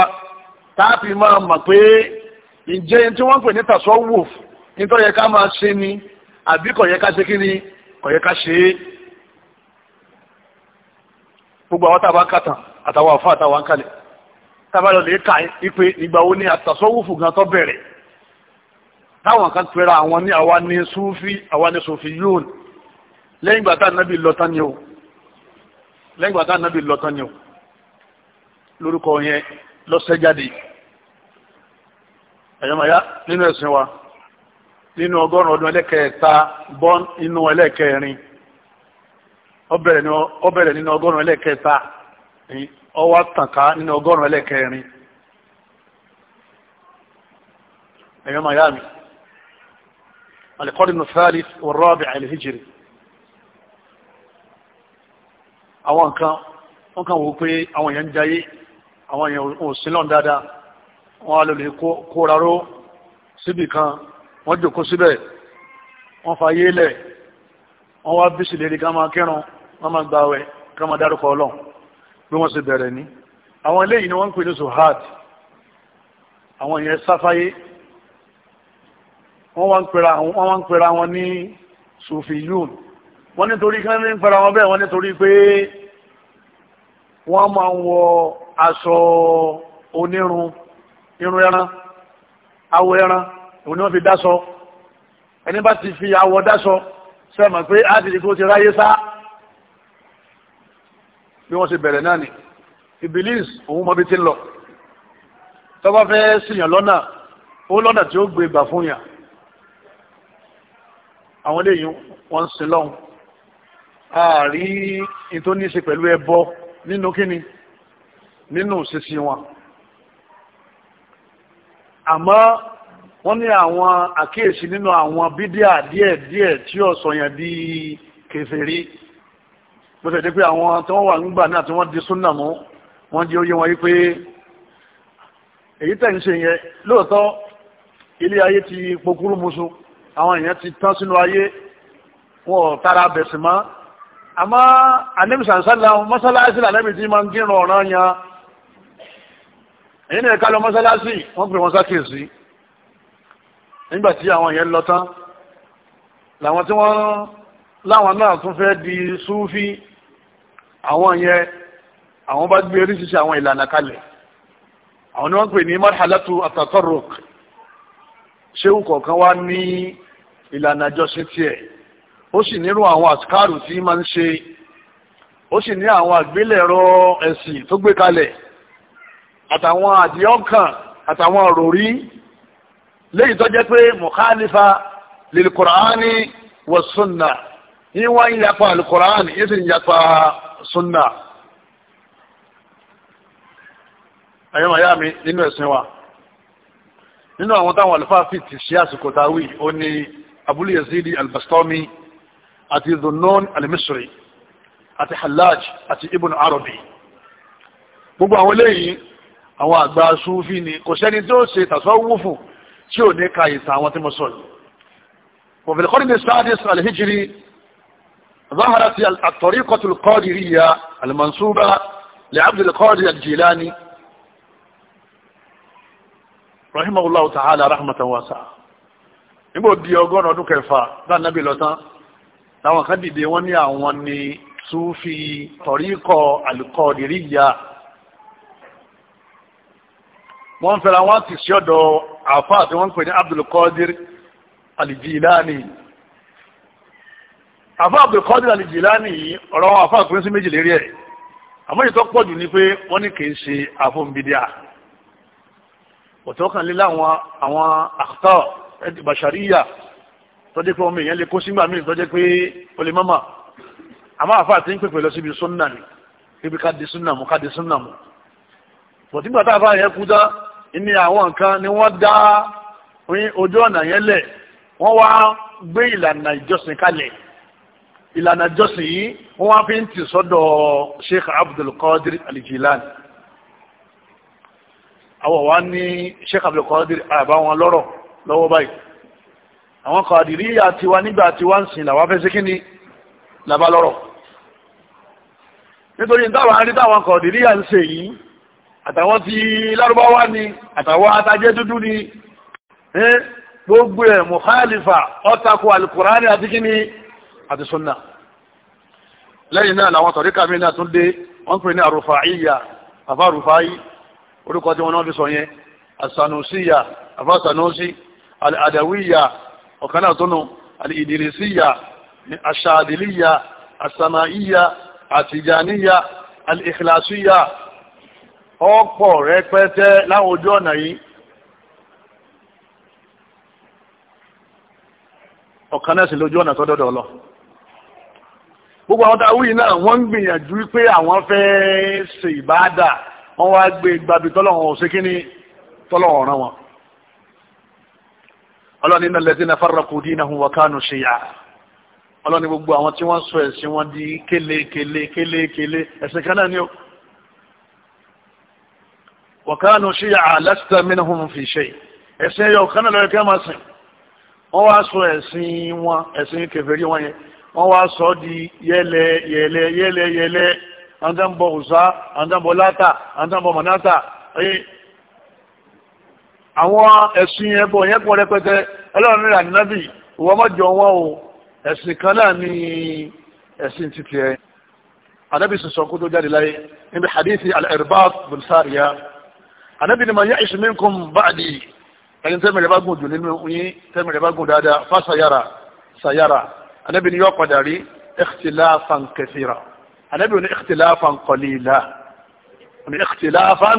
Speaker 1: tá a fi máa mọ̀ pé ǹjẹ́ tí wọ́n ń pè ní tasawuf nítorí yẹ ká máa ṣe ni àbí kò yẹ ká ṣe kí ni ṣe é gbogbo àwọn tábà ń kàtà àtàwọn àfọ àtàwọn àǹkàlẹ̀ tábà lọ lè ka ipe ìgbà wo ni àtàsọ́wùfù gan tó bẹ̀rẹ̀ táwọn kan pera àwọn ní àwa ní sufi àwa ní sufi yóòn lẹ́yìn ìgbà tá nábì lọ́tán ni o lẹ́yìn ìgbà tá nábì lọ́tán ni o lórúkọ yẹn lọ́sẹ̀ jáde ẹ̀yọ́mọ̀yá nínú ẹ̀sìn wa nínú ọgọ́rùn ọdún ẹlẹ́kẹta bọ́n inú ẹlẹ́kẹrin ó nínú ọgọ́rùn ẹlẹ́kẹta ó wá tànká nínú ọgọ́rùn ẹlẹ́kẹrin ẹ̀yọ́mọ̀yá mi alikọ́dínú sáàlì wọ́n rọ́ọ̀bì àìlèhìjìrì àwọn kan wọ́n kàn wò pé àwọn èèyàn ń jayé àwọn èèyàn ò sí lọ́n dáadáa wọ́n á lò lè kóra ró síbì kan wọ́n jòkó síbẹ̀ wọ́n fa yé wọ́n wá bí sì lérí ká máa wọ́n máa gba awẹ ká dárúkọ ọlọ́run bí wọ́n sì bẹ̀rẹ̀ ní àwọn eléyìí ni wọ́n ń pè ní zohad àwọn èèyàn sáfáyé wọ́n wá ń pera wọn ní sufiyun wọ́n nítorí kí wọ́n ní fara wọn bẹ́ẹ̀ wọ́n nítorí pé wọ́n máa ń wọ aṣọ onírun irun ẹran awọ ẹran òun ni wọ́n fi dáṣọ ẹni bá ti fi awọ dáṣọ sẹ́mọ̀ pé á ti di kó ti ráyé sá bí wọ́n ṣe bẹ̀rẹ̀ náà ni ibilis òun mọbi ti ń lọ tọ́ba fẹ́ ṣìyàn lọ́nà ó lọ́nà tí ó gbé gbà fún yàn àwọn eléyìí wọ́n ń sin lọ́hùn àárí tó ní í ṣe pẹ̀lú ẹbọ nínú kíni nínú sísí wọn àmọ́ wọ́n ní àwọn àkíyèsí nínú àwọn bídíà díẹ̀ díẹ̀ tí ó sọ̀yàn di kèfèrí bó tẹ̀ dé pé àwọn tí wọ́n wà nígbà náà tí wọ́n di súnà mú wọ́n jẹ́ oyé wọn wípé èyí tẹ̀ ṣe yẹn lóòótọ́ ilé ayé ti pokúrú musu àwọn èèyàn ti tán sínú ayé wọn ò tara bẹ̀sìn mọ́ àmọ́ anẹ́bìsànsálà mọ́sálásí lànẹ́bì tí máa ń kírun ọ̀ràn yan èyí ni ẹ̀ka lọ mọ́sálásí wọ́n pè wọ́n sákèsí nígbà tí àwọn yẹn lọ tán làwọn tí wọ́n láwọn náà tún fẹ́ di súfí àwọn yẹn àwọn bá gbé oríṣiríṣi àwọn ìlànà kalẹ̀ àwọn ni wọ́n pè ní marhalatu atatarruq ṣéwù kọ̀ọ̀kan wá ní ìlànà àjọṣe tiẹ̀ ó sì nírú àwọn àsìkáàrù tí máa ń ṣe ó sì ní àwọn àgbélẹ̀rọ ẹ̀sìn tó gbé kalẹ̀ àtàwọn àdìọ́kàn àtàwọn òròrí léyìí tó jẹ́ pé mùkálífà lìlìkùránì wà súnà yín wá ń yapa lìkùránì yín sì ń yapa súnà. ẹ̀yọ́ màyá mi nínú ẹ̀sìn wa nínú àwọn táwọn àlùfáà fìtì sí àsìkò táwí ó ní Abul Yazidi al-Bastami àti Dhunnun al-Misri àti Hallaj àti Ibn Arabi gbogbo àwọn eléyìí àwọn àgbà Sufi ni kò sẹ́ni tí ó ṣe tasawufu tí ò ní ka ìtàn àwọn tí mo sọ yìí وفي القرن السادس الهجري ظهرت الطريقة القادرية المنسوبة لعبد القادر الجيلاني رحمه الله تعالى رحمة واسعة nígbò di ọgọ́rùn ọdún kẹfà dá nàbí lọ́tán táwọn kan dìde wọ́n ní àwọn ni Súfì tọ̀ríkọ̀ àlùkọ́dìríyà wọ́n fẹ́ra wọ́n ti sí ọ̀dọ̀ àfáà tí wọ́n ń pè ní Abdulkadir Al-Jilani àfáà Abdulkadir Al-Jilani yìí ọ̀rọ̀ àwọn àfáà pín sí méjì lérí ẹ̀ àmọ́ ìtọ́ pọ̀jù ni pé wọ́n ní kìí ṣe àfọ̀nbídíà ọ̀tọ́kànlélà àwọn àkútà bàṣàríyà tọ́jú pé ọmọ èèyàn lè kó sígbà míì tọ́jú pé o lè mọ́mọ́ àmọ́ àfáà ti ń pèpè lọ síbi súnnà ni ibi ká di súnnà mú ká di súnnà mú bọ̀tígbà tá a fà yẹn kú ní àwọn nǹkan ni wọ́n dá ojú ọ̀nà yẹn lẹ̀ wọ́n wá gbé ìlànà ìjọsìn kalẹ̀ ìlànà ìjọsìn yìí wọ́n wá fi ń tì sọ́dọ̀ Sheikh Abdul Qadir alijilan jilani àwọn ní Sheikh Abdul Qadir àbáwọn lọ́rọ̀ lọ́wọ́ báyìí àwọn kọ̀dìrí àtiwa nígbà tí wá ń sin làwọn afẹ́sẹ́ kí ni làbá lọ́rọ̀ nítorí táwọn arí táwọn kọ̀dìrí à ń ṣe yìí àtàwọn ti lárúbáwá ni àtàwọn atajẹ́ dúdú ni gbogbo ẹ̀ mùhálìfà ọ̀tàkù alukùránì àti kí ni àti sunna lẹ́yìn náà làwọn tọ̀ríkà mi náà tún dé wọ́n pè ní àrùfàáyà àfàrùfàáyì orúkọ tí wọ́n náà fi sọ yẹn àsànùsíyà àfàsànùsí àdàwíyà ọ̀kan náà tónú alìdìrísíyà aṣáàdìlíyà asàmáyíyà àtìjàníyà alìkìláṣíyà ọ̀pọ̀ rẹpẹtẹ láwọn ojú ọ̀nà yìí ọ̀kan náà sì lójú ọ̀nà tó dọ́dọ̀ lọ gbogbo àwọn táwí náà wọ́n ń gbìyànjú pé àwọn fẹ́ ṣe ìbáadà wọ́n wá gbé gbàbí tọ́lọ̀wọ̀n òsèkíní tọ́lọ̀wọ̀n rán wọn ọlọ́ni iná lẹ́dínà fárọ̀kù dínà hùn wọ̀kánù ṣe yà ọlọ́ni gbogbo àwọn tí wọ́n sọ ẹ̀sìn wọn di kélékélé kélékélé ẹ̀sìn kan náà ni ó wọ̀kánù ṣe yà lásìtà mí hùn fi ṣe ẹ̀sìn ẹ̀yọ kan náà lọ́yẹ kí wọ́n máa sìn wọ́n wá sọ ẹ̀sìn wọn ẹ̀sìn kèfèrí wọn yẹn wọ́n wá sọ di yẹlẹ yẹlẹ yẹlẹ yẹlẹ àǹdàǹbọ̀ ọ̀sá àǹdàǹbọ̀ látà àǹdàǹbọ̀ mọ̀nátà àwọn ẹ̀sìn ẹbọ yẹn pọ̀ rẹpẹtẹ ọlọ́run nílà nínábì ìwọ mọ́jọ wọn o ẹ̀sìn kan náà ní ẹ̀sìn títí ẹ anábì sọ kó tó jáde láyé níbi hadithi al-irbad bin sariya anábì ni man ya'ish minkum ba'di ẹni tẹ́mi rẹ̀ bá gùn jù nínú yín tẹ́mi rẹ̀ bá gùn dáadáa fa sayara sayara anábì ni yóò padà rí ikhtilafan kathira anábì ni ikhtilafan qalila ni ikhtilafan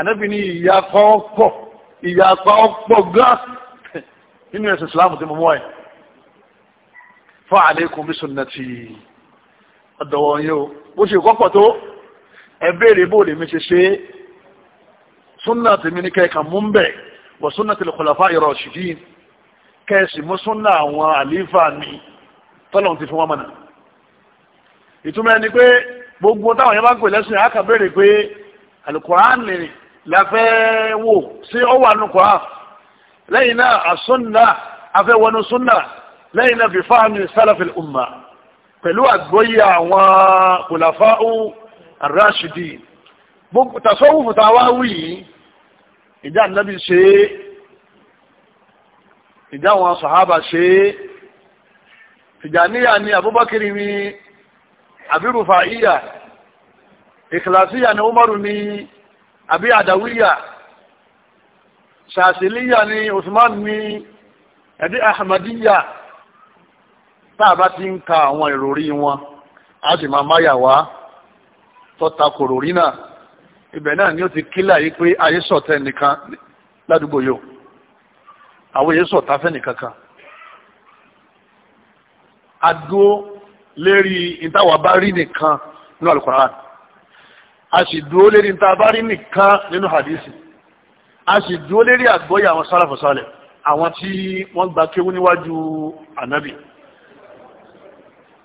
Speaker 1: ànábì ní ìyapa ọ̀pọ̀ ìyapa ọ̀pọ̀ gan nínú ẹ̀sìn islam tí mo mú ẹ̀ fa alaykum bi sunnati ọ̀dọ̀wọ̀ yìí o bó ṣe kọ́pọ̀ tó ẹ bó lè mi ṣe ṣe sunna tèmi ní kẹ́ẹ̀ka mú ń bẹ̀ wọ sunnati tèmi khulafa ar-rashidin kẹ́ẹ̀sì mú sunna àwọn àlífà mi tọ́lọ̀ ti fún wọn mọ̀nà ìtumọ̀ ẹni pé gbogbo táwọn yẹn bá ń pè lẹ́sìn àkàbẹ̀rẹ̀ pé alukur'an lafẹ́ wò sí ọwọ́ ànukọ́ a lẹ́yìn náà àsúnà afẹ́wọnú súnà lẹ́yìn náà bífáàmì sálàfil umma pẹ̀lú àgbóyè àwọn kùlàfáù rashidi tasọ́wùfù tá a wá wí yìí ìjà ànábì ṣe é ìjà àwọn sàhábà ṣe é ni abubakar ni àbírùfà ìyà ìkìlàsíyà ni umaru ni àbí àdàwíyà ṣàṣìlíyà ni Usman ní ẹ̀dí ahmadiyya tàbá ti ń ka àwọn ìròrí wọn a sì máa máyà wá tọ́ta kòròrí náà ibẹ̀ náà ni ó ti kílà yí pé ayé sọ̀tẹ́ nìkan ládùúgbò yóò àwọn èyí sọ̀tá fẹ́ nìkan kan adó lérí ìtawà bá rí nìkan ní al a sì dúró lérí níta bá rí nìkan nínú hadisi a sì dúró lérí àgbọ́yé àwọn sálàfọ̀sálẹ̀ àwọn tí wọ́n gba kéwú níwájú ànábì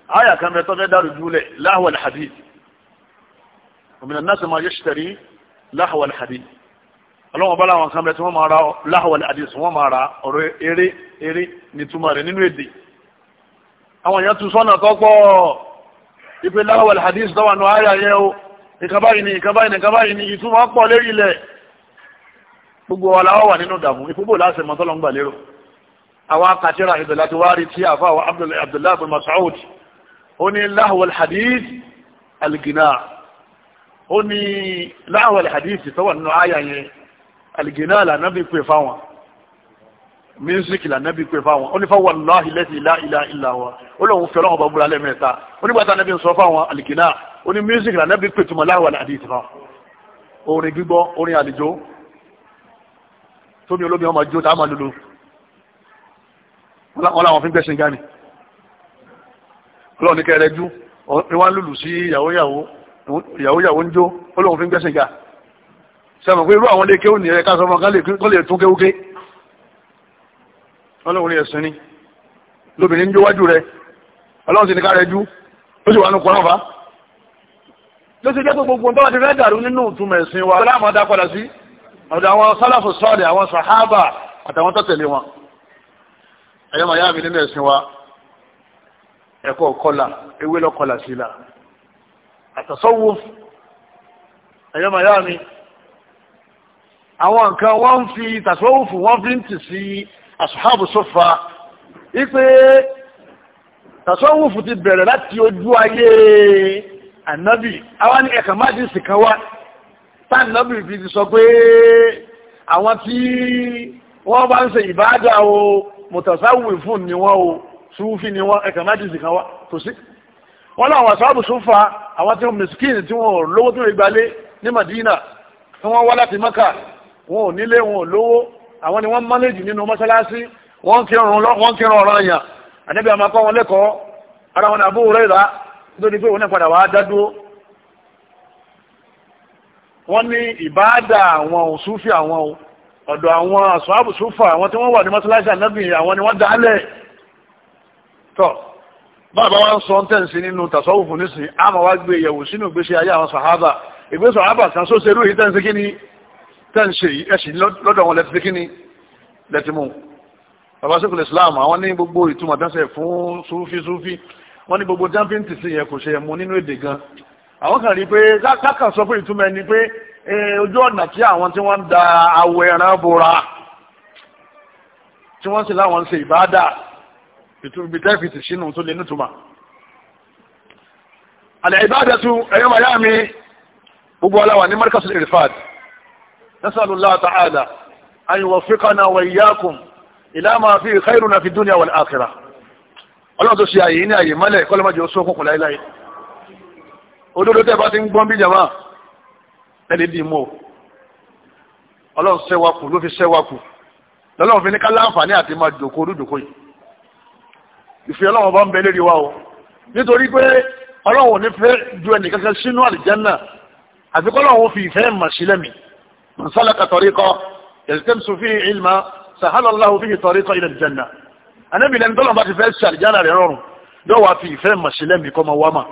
Speaker 1: aya kan bẹ tó fẹ́ dárò júlẹ̀ láhùwà alhadith òmìnà náà sì máa yẹ́ ṣìtẹ̀rí láhùwà alhadith ọlọ́wọ́n bá láwọn kan bẹ tí wọ́n máa ra láhùwà alhadith wọ́n máa ra ọ̀rọ̀ eré eré nítumọ̀ rẹ̀ nínú èdè àwọn èèyàn tún sọ́nà tọ́pọ̀ ìpè láhùwà alhadith tọ́wọ́ nù aya yẹn o nǹkan báyìí ni nǹkan báyìí ni nǹkan báyìí ni ìtumọ̀ pọ̀ lérí ilẹ̀ gbogbo wa làwọn wà nínú ìdààmú ìfúbò láti mọ̀ tọ́lọ́ ń gbà lérò àwọn akatira ibẹ̀ láti wá rí tí mísíkì lànàbí pé fáwọn ó oni fa aláhi lẹ́sì ilá ilá ilá wa ó lóun fẹ́ lọ́wọ́ bá búra lẹ́mẹ̀ẹ́ta ó nígbà tá nàbí sọ fáwọn àlìkìnà ó ní mísíkì lànàbí pé tùmọ̀ láwọn àdì ìtìfà orin gbígbọ́ orin àlejò tómi olómi ọmọ jó tá a máa lulu wọn làwọn fi ń gbẹ́sìn gani ọlọ́run ní kẹrẹ jú ni wọ́n lùlù sí ìyàwó ìyàwó ń jó ọlọ́run fi ń gbẹ́sìn ga sẹ́wọ̀n pé irú àwọn ilé kéwòn ní ẹ̀ka sọmọ kán lè tún kéwúké ọlọ́run ní ẹ̀sìn ni lóbìnrin ń jówájú rẹ ọlọ́run sì ní ká rẹ jú ó sì wà nù kọ́nà fa ló ti jẹ́ pé gbogbo nǹkan ti fẹ́ dàrú nínú ìtumọ̀ ẹ̀sìn wa ọlọ́run àwọn adápadà sí ọ̀dọ̀ àwọn sálàfù sọ́ọ̀lẹ̀ àwọn sàhábà àtàwọn tó tẹ̀lé wọn ẹ̀yọ́ màá yá mi nínú ẹ̀sìn wa ẹ̀kọ́ kọlà ewé lọ́kọlà sí la àtàsọ́wọ́ ẹ̀yọ́ màá yá mi àwọn nǹkan wọ́n fi tàsọ́wọ́ fún wọ́n fi ń tì sí asuhabu sofa wípé tasawufu ti bẹ̀rẹ̀ láti ojú ayé anabi àwa ni ẹ̀ka má dín sìkan wá tá anabi fi ti sọ pé àwọn tí wọ́n bá ń ṣe ìbáàdà o mutasawwifun ni wọ́n o sufi ni wọ́n ẹ̀ka má dín sìkan kò sí wọ́n láwọn asáàbù súnfà àwọn tí wọ́n mẹ́sìkìnì tí wọ́n lówó tí wọ́n gbalé ní Madina tí wọ́n wá láti Maka wọn ò nílé wọn ò lówó àwọn ni wọ́n mánéjì nínú mọ́ṣáláṣí wọ́n kírun ọ̀rọ̀ yàn àdẹ́bí àmàkọ́ wọn lẹ́kọ̀ọ́ ara wọn àbúrò rẹ̀ rà lórí pé òun náà padà wà dádúró wọ́n ní ìbáàdà àwọn òṣùfì àwọn ọ̀dọ̀ àwọn àṣọ́àbù súfà àwọn tí wọ́n wà ní mọ́ṣáláṣí ànábì àwọn ni wọ́n dálẹ̀ tọ́ bàbá wa ń sọ tẹ̀sí nínú tàṣọ́wùfù nísìnyí àmọ́ wá gbé yẹ̀wò sínú ìgbésí ayé àwọn sàhábà ìgbésọ̀ àbà kan sóṣèlú yìí tẹ̀sí kí ni tẹ́ ń ṣe yìí ẹ̀sìn lọ́dọ̀ wọn lẹ́tí kíní lẹ́tí mú bàbá sókòlè islam àwọn ní gbogbo ìtumọ̀ dánsẹ̀ fún súfí súfí wọ́n ní gbogbo jámpíǹtì sí yẹn kò ṣe ẹ̀mú nínú èdè gan àwọn kan rí i pé kákan sọ pé ìtumọ̀ ẹni pé ojú ọ̀nà tí àwọn tí wọ́n ń da awọ ẹran bora tí wọ́n sì láwọn ń ṣe ìbáadà ìtumọ̀ tẹ́fìtì sínú tó lé nítumọ̀ àlẹ́ ìbáadà tún ẹ̀yọ́ màyá mi gbogbo aláwà ní markasul irfad نسأل الله تعالى أن يوفقنا وإياكم إلى ما فيه خيرنا في الدنيا والآخرة ọlọ́run tó ṣe àyè ní àyè mọ́lẹ̀ kọ́lọ́mọ́jì ó sókùnkùn láíláì olódó tẹ́ bá ti ń gbọ́n bí jàmá ẹni dì mọ́ ọlọ́run sẹ́wàkù ló fi sẹ́wàkù lọ́lọ́run fi ní ká láǹfààní àti máa jòkó olújòkó yìí ìfẹ́ ọlọ́run bá ń bẹ lérí wa o nítorí pé ọlọ́run ò ní fẹ́ ju ẹnìkankan sínú àlìjánà àfikọ́lọ́run fi ìfẹ́ mà sí lẹ́mìí من سلك طريقة يلتمس فيه علما سهل الله فيه طريقة إلى الجنة anábì lẹni tọ́lọ̀ bá ti fẹ́ ṣàlìjára rẹ̀ rọrùn yóò wá fi ìfẹ́ màṣílẹ̀ mi kọ́ ma wá ma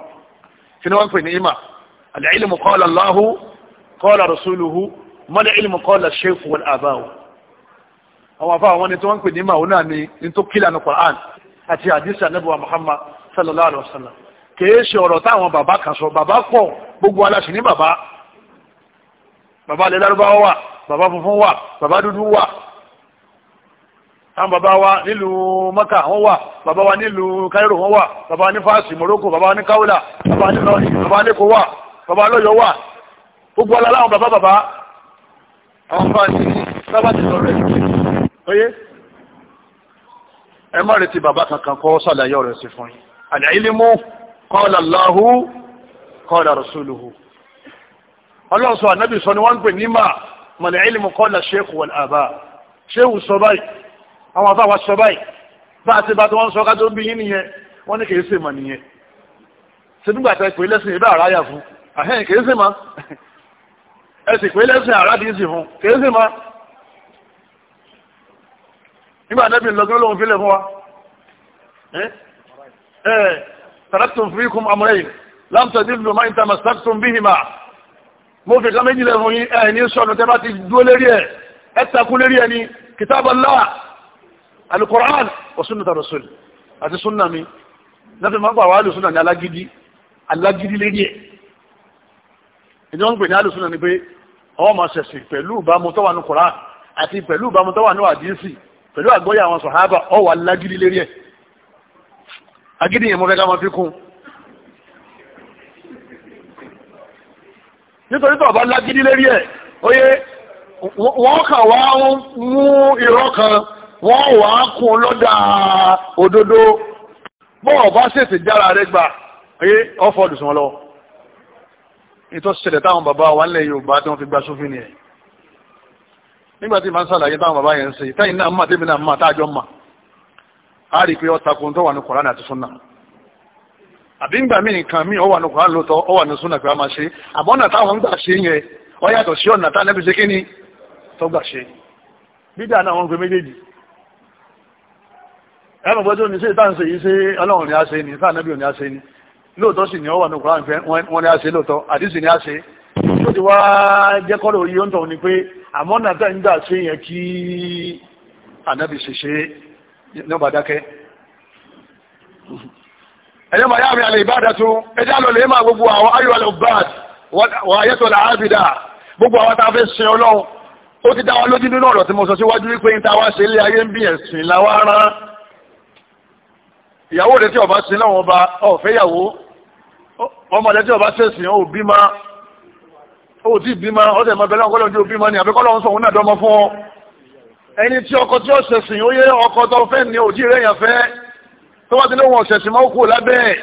Speaker 1: kí ni wọ́n ń pè ní ima al-ilmu qala Allahu qala rasuluhu mal ilmu qala shaykhu wal aba'u àwọn afáwọn wọn ni tí wọ́n ń pè ní ima òun náà ni ní tó kílà ní Qur'an àti àdìsí anábìwa Muhammad sallallahu alayhi wa sallam kì í ṣe ọ̀rọ̀ táwọn bàbá kan sọ bàbá pọ̀ gbogbo aláṣẹ ní bàbá bàbá alẹ́ lárúbáwá wà bàbá funfun wà bàbá dúdú wà àwọn bàbá wa nílùú maka wọ́n wà bàbá wa nílùú cairo wọ́n wà bàbá ní fásì morocco bàbá ní kaula bàbá ní lọ́ọ̀nì bàbá ní kò wà bàbá lọ́yọ̀ wà gbogbo ọlá láwọn bàbá bàbá àwọn fásì sábà ti lọ rẹ̀ oyé ẹ má retí bàbá kankan kọ́ sàlàyé ọ̀rẹ́ sí fún yín àlẹ́ ilé mú qala Allahu qala rasuluhu ọlọ́run sọ ànábì sọ ni wọ́n ń pè ní máa mọ̀lẹ̀ ilmu kọ́lá ṣéèkù wọ̀n àbá ṣéèkù sọ báyìí àwọn àbá wa sọ báyìí bá a ti bá tí wọ́n sọ kájọ́ bí yín nìyẹn wọ́n ní kìí ṣe mọ̀ nìyẹn ṣe nígbà tẹ pé lẹ́sìn ìbá àráyà fún àhẹ́n kìí ṣe mọ́ ẹ sì pé lẹ́sìn àrádìí sì fún kìí ṣe mọ́ nígbà ànábì lọ́gbọ́n lóhun fílẹ̀ fún wa ẹ tàràtùn fíkùn amúrẹ́yìn láǹtà mo fi kan méjìlẹ̀ fún yín ẹ̀ ní sọ̀nù tẹ́ bá ti dúó lérí ẹ̀ ẹ̀ takú lérí ẹ̀ ní kìtàbà láà alukoran wa sunnata rasul àti sunna mi láti máa pàwọ́ alùsùnà ní alágídí alágídí lérí ẹ̀ ìdí wọ́n ń pè ní alùsùnà ni pé ọwọ́ máa ṣẹ̀sìn pẹ̀lú ìbámu tó wà nítorí tó ọba lágídí lérí ẹ̀ oyé wọ́n kà wá mú irọ́ kan wọ́n wà á kún lọ́dà òdodo bọ́ọ̀ bá ṣèṣì jára rẹ gbà oyé ọ́fọ́ọ̀dù sùn lọ nítorí ṣẹlẹ̀ táwọn bàbá wa nílẹ̀ Yorùbá tí wọ́n fi gba sófin ni ẹ̀ nígbà tí màá ń sàlàyé táwọn bàbá yẹn ń ṣe táyìn náà mà tèmi náà mà táàjọ mà á rí i pé ó takò tó wà ní Kùránì àti Sunnah àbí ń gbà mí nǹkan mí ọwà ní kòrán lóòótọ́ ọwà ní súnà pé a máa ṣe àbọ́nà táwọn ń gbà ṣe yẹn ọ yàtọ̀ sí ọ̀nà tá nẹ́bí ṣe kí ni tó gbà ṣe bídà náà wọ́n pe méjèèjì ẹ̀rọ tó ní ṣe ìtàn ṣe ọlọ́run ni a ṣe ni ìtàn nẹ́bí ni a ṣe ni lóòótọ́ sì ni ní wọ́n a ṣe lóòótọ́ ni a ṣe tó ti wá jẹ́ ẹ̀yẹ́ màá yá mi àlè ìbádàtú ẹjẹ́ àlọ́ lè máa gbogbo àwọn ayọ̀ àlọ́ bad wà ayẹ́tọ̀ là ábìdà gbogbo àwọn tá a fẹ́ sin ọlọ́run ó ti dá wa lójú nínú ọ̀rọ̀ tí mo sọ síwájú wípé ń ta wá ṣe ilé ayé ń bí ẹ̀sìn làwa rán ìyàwó rẹ̀ tí ọba sin lọ́wọ́ ọba ọ̀fẹ́yàwó ọmọ rẹ̀ tí ọba sẹ̀sìn ó bímọ ó ti bímọ ọ̀sẹ̀ mọ bẹ́lẹ́ ọkọ̀ lọ́dún bímọ ẹni tí ọkọ tí ó sẹ̀sìn ó yé ọkọ tó fẹ́ ni òjì rẹ̀ yàn fẹ́ tó bá ti lóhun ọ̀sẹ̀ sì máa ń kú lábẹ́ ẹ̀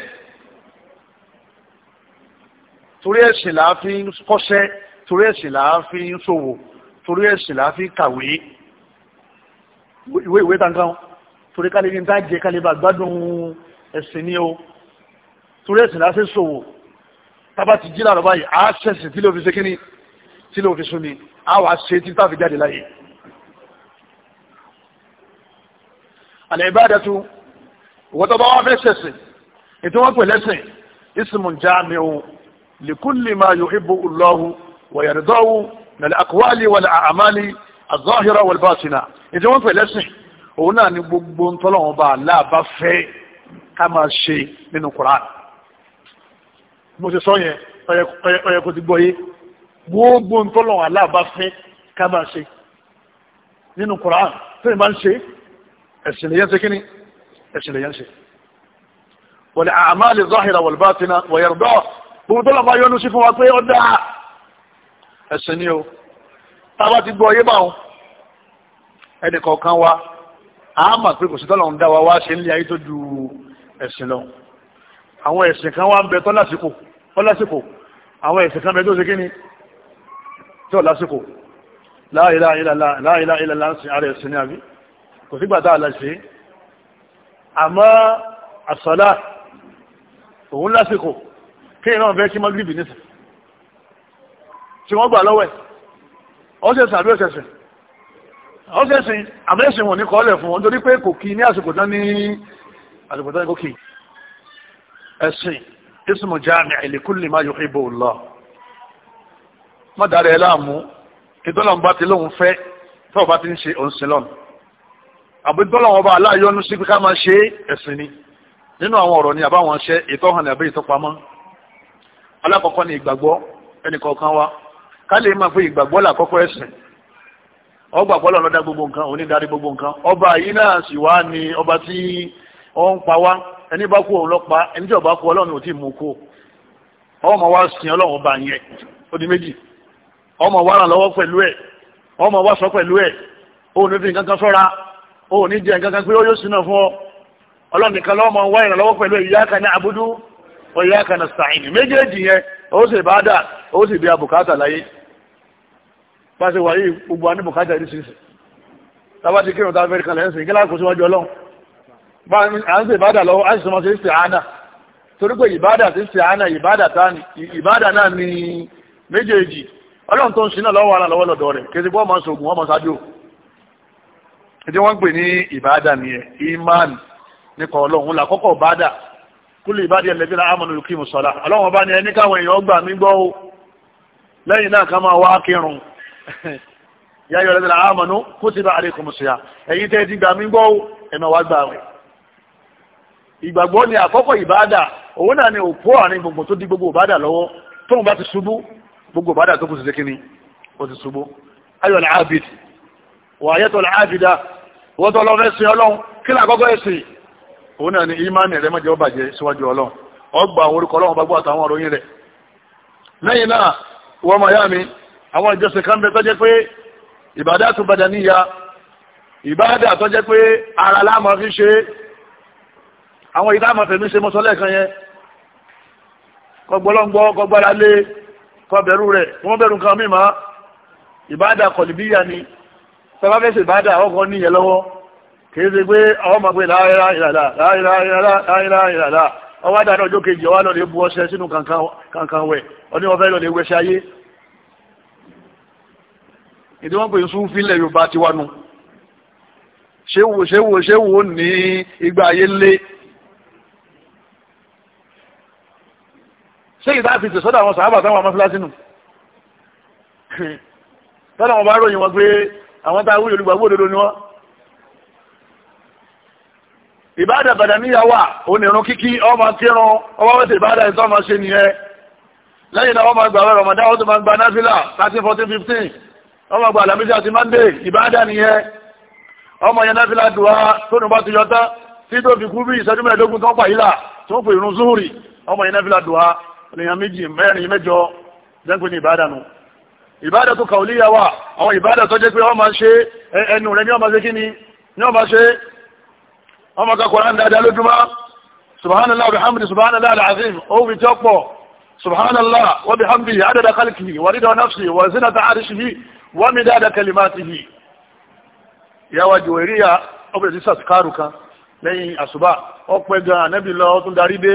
Speaker 1: torí ẹ̀sìn là á fi ń kọ́ṣẹ́ torí ẹ̀sìn là á fi ń ṣòwò torí ẹ̀sìn là á fi ń kàwé ìwé ìwé tankan torí ká lè ní tá jẹ ká lè bá gbádùn ẹ̀sìn ni o torí ẹ̀sìn là á fi ń ṣòwò tábà ti jí làrọ̀ báyìí á ṣẹ̀sìn tí ló fi ṣe kíní tí ló fi sunni á wàá ṣe tí tá jáde láyé. àlẹ́ ìbáradà tún ìwọ́tọ̀ bá wà fẹ́ ṣẹ̀sìn ètò wọn pè lẹ́sìn ismun jamiu likulli ma yuhibbu Allahu wa yardahu minal aqwali wal a'mali az-zahira wal batina ètò wọn pè lẹ́sìn òun náà ni gbogbo ń tọ́lọ́wọ́n bá aláàbá fẹ́ ká máa ṣe nínú Qur'an mo ti sọ yẹn ọyẹ kò ti gbọ́ yé gbogbo ń tọ́lọ́wọ́n aláàbá fẹ́ ká máa ṣe nínú Qur'an tó yẹn ẹ̀sìn lèyàn ṣe wọlé àmàlì zahira wàlbátina wọ̀yẹ̀rọ̀dọ́ ما ينشف lọ́pàá yọ́nú sí fún wa pé ó dáa ẹ̀sìn ni o tábà ti gbọ́ yé báwọn ẹnì kọ̀ọ̀kan wa a mà pé kò sí tọ́lọ̀ ń dá wa wá ṣe nílé ayé tó ju ẹ̀sìn lọ àwọn ẹ̀sìn kan wá ń bẹ tọ́lásìkò tọ́lásìkò àwọn ẹ̀sìn kan bẹ tó ṣe kí ni ara ẹ̀sìn ni àbí kò sígbà tá a lè ṣe àmọ́ àsọ̀lá òun lásìkò kí ìran fẹ́ kí mọ́gírìbì nísìn tí wọ́n gbà lọ́wẹ́ ọ́sẹ̀sìn àbí ọ̀sẹ̀sìn ọ́sẹ̀sìn àmẹ́sìn wọn ní kọ́ọ̀lẹ̀ fún wọn torí pé kò kí ní àsìkò tán ní àsìkò tán kò kí ẹ̀sìn ismu jami'i li kulli ma yuhibbu Allah má láàmú ìtọ́lọ́mbá àbí tọ́lọ́wọ́n bá aláyọ́nú sí pé ká máa ṣe ẹ̀sìn ni nínú àwọn ọ̀rọ̀ ni àbáwọn ṣe ètò hàn àbí ìtọ́pamọ́ alákọ̀ọ́kọ́ ni ìgbàgbọ́ ẹnìkọ̀ọ̀kan wa ká lè máa fi ìgbàgbọ́ làkọ́kọ́ ẹ̀sìn ọgbà pọ́lọ̀ ló dá gbogbo nǹkan onídarí gbogbo nǹkan ọba yìí náà sì wá ní ọba tí ó ń pa wá ẹni bá kú òun lọ pa ẹni tí ọba ó ní jẹ́ nǹkan kan pé ó yóò sínú fún ọ ọlọ́run nìkan lọ́wọ́ máa ń wá ìrànlọ́wọ́ pẹ̀lú iyyaka na'budu wa iyyaka méjèèjì yẹn ó sì bá dà ó sì bí abùkátà láyé gbogbo bùkátà yìí sísè tábà ti kírun tá a kalẹ̀ a ń ṣe ìbádà lọ́wọ́ a sì sọmọ sí ìsìtìhánà torí pé ìbádà sí ìbádà náà ni méjèèjì ọlọ́run tó ń sin náà lọ́wọ́ lọ́wọ́ lọ́dọ̀ rẹ̀ ẹjẹ wọn gbé ní ìbáadà nìyẹn iman nípa ọlọ́run la kọ́kọ́ báadà kúlù ìbáadì ẹlẹ́bí la amọ̀nà òkè mùsọ̀lá ọlọ́run bá ní ẹni káwọn èèyàn gbà mí gbọ́ o lẹ́yìn náà ká máa wá kírun yáyọ ẹlẹ́bí la amọ̀nà kó ti bá àríkùn mùsọ̀lá ẹ̀yin tẹ́ ti gbà mí gbọ́ o ẹ̀mẹ̀ wá gbà rẹ̀ ìgbàgbọ́ ni àkọ́kọ́ ìbáadà òun náà ni òpó àárín gbogbo tó di gbogbo ìbáadà lọ́wọ́ tóun bá ti ṣubú gbogbo ìbáadà tó kù sí sékíní ó ti ṣubú ayọ̀ ni abid wà ayẹ́tọ̀ láàbìdá wọ́n tó lọ fẹ́ sin kí làkọ́kọ́ ẹ̀sìn òun náà ni ìmánì rẹ mọ́jẹ́ ọbàjẹ́ síwájú ọlọ́run ọgbà àwọn orúkọ ọlọ́run bá gbọ́ àtàwọn ọ̀rọ̀ yín rẹ̀ lẹ́yìn náà wọ́n mọ̀ yá mi àwọn ìjọsìn kan bẹ tó jẹ́ pé ìbádà tó bàdà níyà ìbádà tó jẹ́ pé ara kọ̀lìbíyà ni sọba fẹ́ ṣe bàdà ọkọ̀ ní ìyẹn lọ́wọ́ kìí ṣe pé àwọn ọmọ pé láìra ìràdà láìra ìràdà láìra ìràdà ọwọ́ àdáná ọjọ́ kejì ọwọ́ lọ́lẹ̀ bu ọṣẹ sínú kankan wẹ̀ ọní wọn fẹ́ lọ́lẹ̀ wẹṣẹ ayé ìdí wọn pè ń sún fílẹ̀ Yorùbá ti wánu ṣéwò ṣéwò ṣéwò ní ìgbà ayé lé ṣé ìdá fi tẹ̀sọ́dọ̀ àwọn sàábà táwọn amọ́fíláṣínù *laughs* tọ́lá wọn bá ròyìn wọn pé àwọn tá a wúlò olùgbàgbọ́ òdodo ni wọ́n ìbáàdà bàdàníyà wà onírun kíkí ọmọ kírun ọmọ wẹ́tẹ̀ ìbáàdà ìtọ́ ọmọ ṣe nìyẹn lẹ́yìn náà wọ́n máa gbàwẹ̀ rọ̀mọ̀dá ó tó máa gba náfílà 13-14-15 wọ́n máa gba àlàmísì àti mande ìbáàdà nìyẹn ọmọ yẹn náfílà dùwà tó nù bá ti yọta tí tó fi kú bí ìṣẹ́jú mẹ́ẹ̀ẹ́dógún tó ń pa ìlà tó ń pè irun zuhuri ọmọ yẹn náfílà dùwà ènìyàn méjì mẹ́rin mẹ́jọ jẹ́ ń pè ní ìbáàdà nù ìbádà tó kàwòlíyà wà àwọn ìbádà tó jẹ́ pé wọ́n máa ṣe ẹnu rẹ̀ ní ọmọ ṣe kí ni ní ọmọ ṣe ọmọ kakọ̀ rán dáadáa lójúmá subhanallah wa bihamdi subhanallah alazim ovi tí ó pọ̀ subhanallah wa bihamdi adada khalqihi wa rida nafsi wa zinata arshihi wa midada kalimatihi yawa juweriya ọbẹ̀ sí sàtìkárù kan lẹ́yìn àṣùbá ọpẹ́ gan anẹ́bì lọ tún darí dé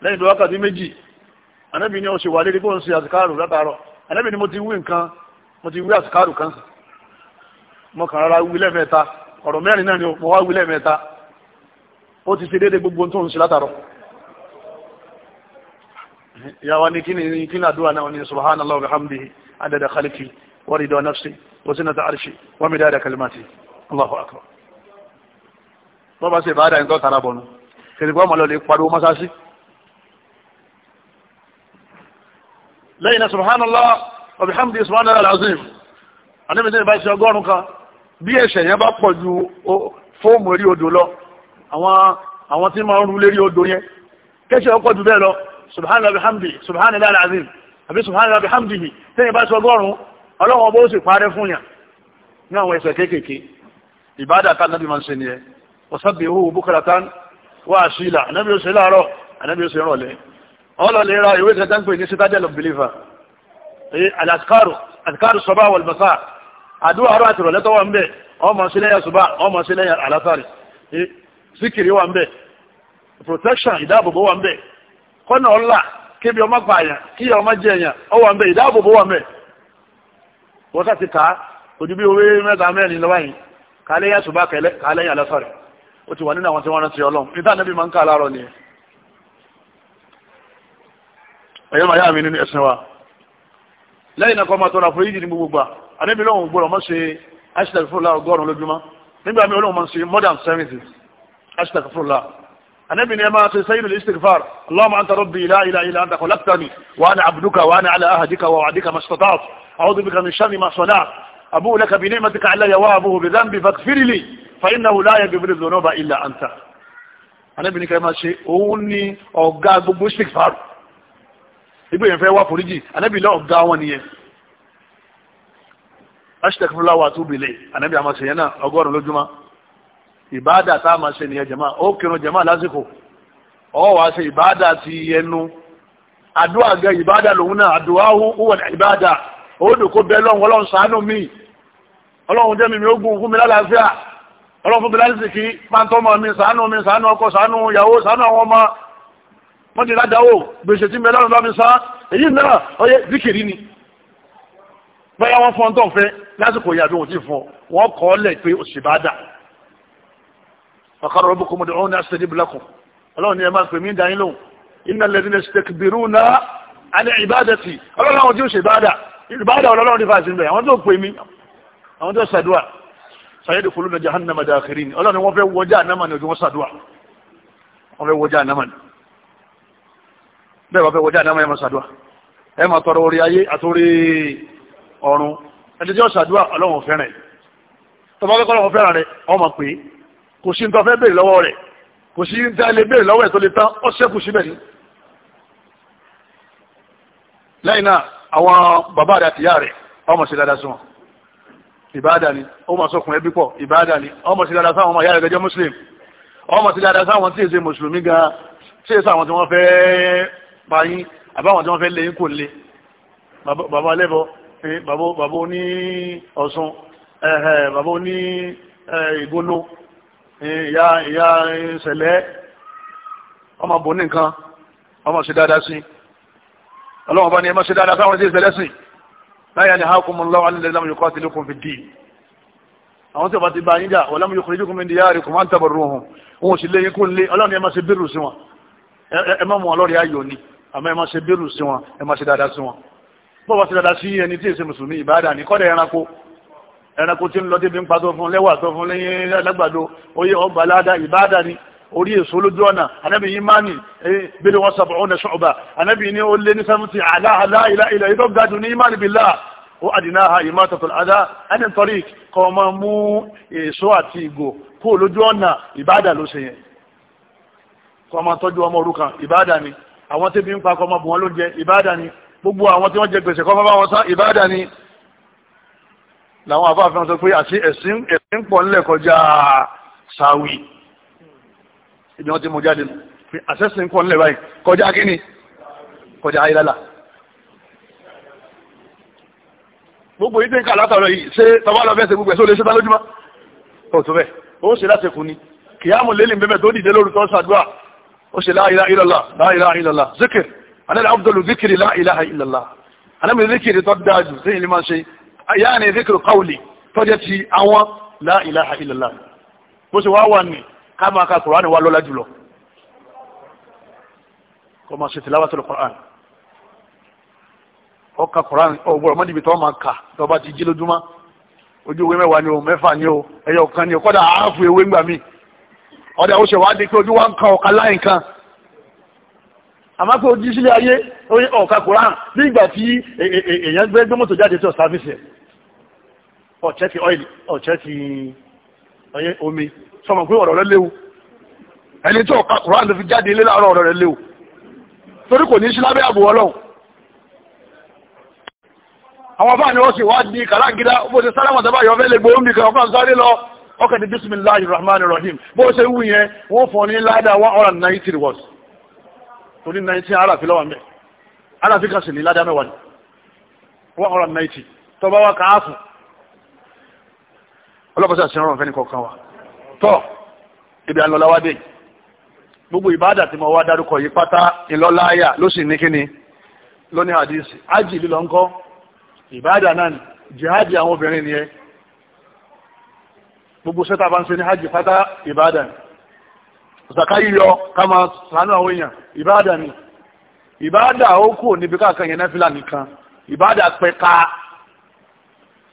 Speaker 1: lẹ́yìn tó ni ó ṣe wà lérí kó ànábì ni mo ti wí nǹkan mo ti wí àsìkárù kan mo kàn rárá wí lẹ́ẹ̀mẹ́ta ọ̀rọ̀ mẹ́rin náà ni mo wá wí lẹ́ẹ̀mẹ́ta ó ti ṣe déédéé gbogbo tó ń ṣe látàrọ ìyàwó ni kíni kíni àdúrà náà ni subhanallah wa bihamdihi adada khaliki wa ridwa nafsi wa zinata arshi wa midada kalimati allahu akbar bọ́ba ṣe ìbáadà ń tọ́ tara bọ̀nu kìrìkọ́ mọ̀ lọ lè pariwo mọ́sáàsì lẹ́yìn náà subhanallah wa bihamdi subhanallah alazim àníbi tí ìbá ṣe ọgọ́rùn kan bí ẹ̀ṣẹ̀ yẹn bá pọ̀ ju fóòmù eré odò lọ àwọn àwọn tí máa ń rú lérí odò yẹn kẹ́ṣẹ̀ ọkọ̀ jù bẹ́ẹ̀ lọ subhanallah bihamdi subhanallah alazim àbí subhanallah bihamdihi tẹ́yìn bá ṣe ọgọ́rùn ọlọ́wọ́n bó sì parẹ́ fún yàn ní àwọn ẹ̀ṣẹ̀ kéékèèké ìbádà tá nábì máa ń ọlọ́lẹ̀ ra ìwé kẹta ń pè ní citadel of believer alaskaru azkaru sọba walmasa àdúrà àrọ àti ìrọ̀lẹ́ tó wà ń bẹ̀ ọmọ sílẹ̀yà sọba ọmọ sílẹ̀yà alásàrì síkìrì wà ń bẹ̀ protection ìdáàbòbò wà ń bẹ̀ kọ́nà ọlá kébi ọmọ pààyàn kíyà ọmọ jẹyàn ọ wà ń bẹ̀ ìdáàbòbò wà ń bẹ̀ wọ́n sá ti ta ojú bí owó mẹ́ta mẹ́rin lọ́wọ́ yìí kálẹ́yà sọba kálẹ́yà alásàrì ó ti wà nínú àwọn tí wọ́n rántí ọlọ́run nígbà náà bí máa ń ká aláàrọ̀ nìyẹn ẹ̀yọ́ màá yá mi nínú ẹ̀sìn wa lẹ́yìn náà kọ́ máa tọrọ àforíjì ní gbogbo gbà àníbi lọ́wọ́ gbọ́dọ̀ mọ́ ṣe aṣítàfúrúlá ọgọ́rùn lójúmọ́ nígbà mi olóhùn mọ́ ṣe modern seventy aṣítàfúrúlá àníbi ni ẹ máa ṣe sayyidul istighfar Allahumma anta rabbi la ilaha illa anta khalaqtani wa ana abduka wa ana ala ahdika wa wa'dika mastata'tu a'udhu bika min sharri ìgbé yẹn fẹ́ wá foríjì anabi lọ́ọ̀ ga wọn nìyẹn aṣitẹkifúnla wa tó bèlè anabi àmàṣe yẹn náà ọgọ́rùn lójúmọ́ ìbáàdà tá a máa ṣe nìyẹn jẹ̀má ó kírun jẹ̀má lásìkò ọwọ́ wa ṣe ìbáàdà ti ẹnu àdúrà gẹ ìbáàdà lòun náà àdúrà wúwọ̀ ìbáàdà ó dùn kó bẹ́ẹ̀ lọ́hùn ọlọ́run ṣàánú mi ọlọ́run jẹ́ mi mi ó gùn fún mi lálàáfíà ọlọ́run fún mi lálàáfíà kí pàǹtọ́mọ mi ṣàánú mi ṣàánú ọkọ ṣàánú ìyàwó ṣàánú àwọn ọmọ wọ́n ti ládàáwò gbèsè tí mẹ́lọ́rùn bá mi sá èyí náà ọyẹ zikiri ni bẹ́ẹ̀ wọ́n fọ́n tán fẹ́ lásìkò yà bí wọ́n ti fọ́n wọ́n kọ́ lẹ̀ pé òsì bá dà ọ̀kadà rọ́bùkún mọ̀dé ọ̀hún ní asẹ́dí bìlákùn ọlọ́run ni ẹ máa pè mí dáyín lóhùn iná lẹ́dí ní sẹ́kìbìrú náà alẹ́ ìbádẹ́tì ọlọ́run àwọn tí ó ṣe ìbádà ìbádà ọlọ́run ní fàṣẹ àwọn tó pè mí àwọn bẹ́ẹ̀ bá fẹ́ wọjá àdámọ́ ẹ máa ṣàdúà ẹ máa tọrọ orí ayé àtòrí ọ̀run ẹni tí ó ṣàdúà ọlọ́run fẹ́ràn tọba fẹ́ kọ́lọ́run fẹ́ràn rẹ ọmọ pé kò sí nǹkan fẹ́ béèrè lọ́wọ́ rẹ kò sí ń dá ilé béèrè lọ́wọ́ ẹ̀ tó lè tán ó ṣẹ́kù síbẹ̀ ni. lẹ́yìn náà àwọn bàbá rẹ àtìyá rẹ ọmọ sí dáadáa sí ìbáàdà ni ọmọ sọkùnrin ẹbí pọ̀ ìbáàdà ni ọmọ sí dáadáa sáwọn ọmọ ìyá rẹ gẹ́gẹ́ ọmọ sí dáadáa sáwọn tí èsè mùsùlùmí gan tí èsè àwọn tí wọ́n fẹ́ẹ́ pa yín àbáwọn tí wọ́n fẹ́ lé yín kò lé bàbá lẹ́bọ̀ bàbá oní ọ̀sùn bàbá oní ìgbónú ìyá ìyá ìṣẹ̀lẹ̀ ọmọ bò ní nǹkan ọmọ ṣe dáadáa sí ọlọ́wọ́n bá ní ẹmọ́ ṣe dáadáa sáwọn tí ìṣẹ̀lẹ̀ sí láyé ni hákùnmùnláwọ́ alẹ́lẹ́ lámù yóò kọ́ àti lókun fi dì àwọn tí ó bá ti bá yín jà wọ́n lámù yóò kùnrin jùkùnmí díyà rẹ̀ kò máa ń tàbọ̀rù ohun òun sì lé yín ọlọ́rẹ̀ ayò ni àmọ́ ẹ máa ṣe bírù sí wọn ẹ máa ṣe dáadáa sí wọn bọ́ọ̀ bá ṣe dáadáa sí ẹni tí èsè mùsùlùmí ìbáadà ní kọ́dẹ̀ ẹranko ẹranko tí ń lọ débi ń pa tó fún lẹ́wà tó fún lẹ́yìn lágbàdo oyè ọgbà aláda ìbáadà ni orí èso lójú ọ̀nà anábì yìí máa nì bílẹ̀ wọn sọ̀bọ̀ ọ̀nà ṣọ̀bà anábì ní ó lé ní sẹ́mùtì aláàlá ilá ilẹ̀ ìdọ́ gádùn ní ìmáàlì bílá ó àdínà ha ìmá tọ̀tọ̀ àdá ẹni tọ́rí kọ́ ọmọ mú èso àti ìgò kó lójú ọ̀nà ìbáadà ló ṣe yẹn kọ́ ọmọ tọ́jú ọmọ òrukàn ìbáadà ni àwọn tẹ́bi ń pa kọ́mọ bù wọn ló jẹ ìbáàdà ni gbogbo àwọn tí wọ́n jẹ gbèsè kọ́mọ bá wọn san ìbáàdà ni làwọn àfáàfin sọ pé àti ẹ̀sìn ẹ̀sìn pọ̀ ńlẹ̀ kọjá sáwì ibi wọn ti mú jáde fi àṣẹ́sìn pọ̀ ńlẹ̀ báyìí kọjá kíni kọjá ayélálà gbogbo yìí tí ń kà látàrọ yìí ṣé tọwọ́ lọ bẹ́ẹ̀ ṣe gbogbo ẹ̀ lè ṣe tá lójúmọ́ ọ̀tún bẹ́ẹ̀ ó ṣe láti kù ni kìyàmù lélẹ̀ bẹ́ẹ̀ tó dìde lórí tó ṣàdúrà ó ṣe la ilaha illallah la ilaha illallah zikir anáda abdul zikiri la ilaha illallah anábi zikiri tó dájú sí ilé máa ṣe yá ni zikiri qawli tó jẹ́ ti àwọn la ilaha illallah bó ṣe wá wà ní ká máa ka kùránì wá lọ́lá jùlọ kó máa ṣe tilawatul Qur'an ó ka Qur'an ọgbọ̀rọ̀ mọ́dìbí tó máa kà tó bá ti jí lójúmọ́ ojú ewé mẹ́wàá ni o mẹ́fà ni o ẹyọ kan ni o kọ́dà áàfù ewé ń gbà míì ọ̀dà ó ṣe wá di pé ojú wa ń kan ọ̀ka láì nǹkan àmọ́ pé ojú sílé ayé ọ̀ka koran ní ìgbà tí e, e, e, èèyàn gbé gbé mọ́tò jáde tó sáfíìsì ọ̀chẹ́ ti ọ́ìlì ọ̀chẹ́ ti omi sọmọ pé ọ̀rọ̀ rẹ léwu ẹni tí ọ̀ka koran ló fi jáde ilé láàárọ̀ ọ̀rọ̀ rẹ léwu torí kò ní sí lábẹ́ àbò ọlọ́run àwọn bá ní wọ́n sì wá di kàlágídá bó ti sálámọ̀ tẹ́bá yọ fẹ́ lè gbóhùn nìkan ọkàn sáré lọ ọkà ní bismillahir rahmanir rahim bó ṣe wù yẹn wọ́n fọ ní ládà one hundred and ninety rewards torí nineteen aráàfin lọ́wọ́ mẹ́ aráàfin kan sì ní ládà mẹ́wàá ní one hundred and ninety tọ́ba wa káàfù ọlọ́pàá sì rọrùn fẹ́ni kọ̀ọ̀kan wa tọ́ ibi àlọ́láwádé gbogbo ìbádà tí mo wá dárúkọ yìí pátá ìlọ́láyà ló sì ní kíni lónìí hadisi ájì lílọ ńkọ́ ìbádà náà jihadi àwọn obìnrin ni gbogbo sẹ́ta bá ń ṣe ní hajj fata ìbádàn zaka yíyọ ká máa sànú àwọn èèyàn ìbádàn ni ìbádà ó kù níbi káàkan yẹn náfìlà nìkan ìbádà pẹ̀ka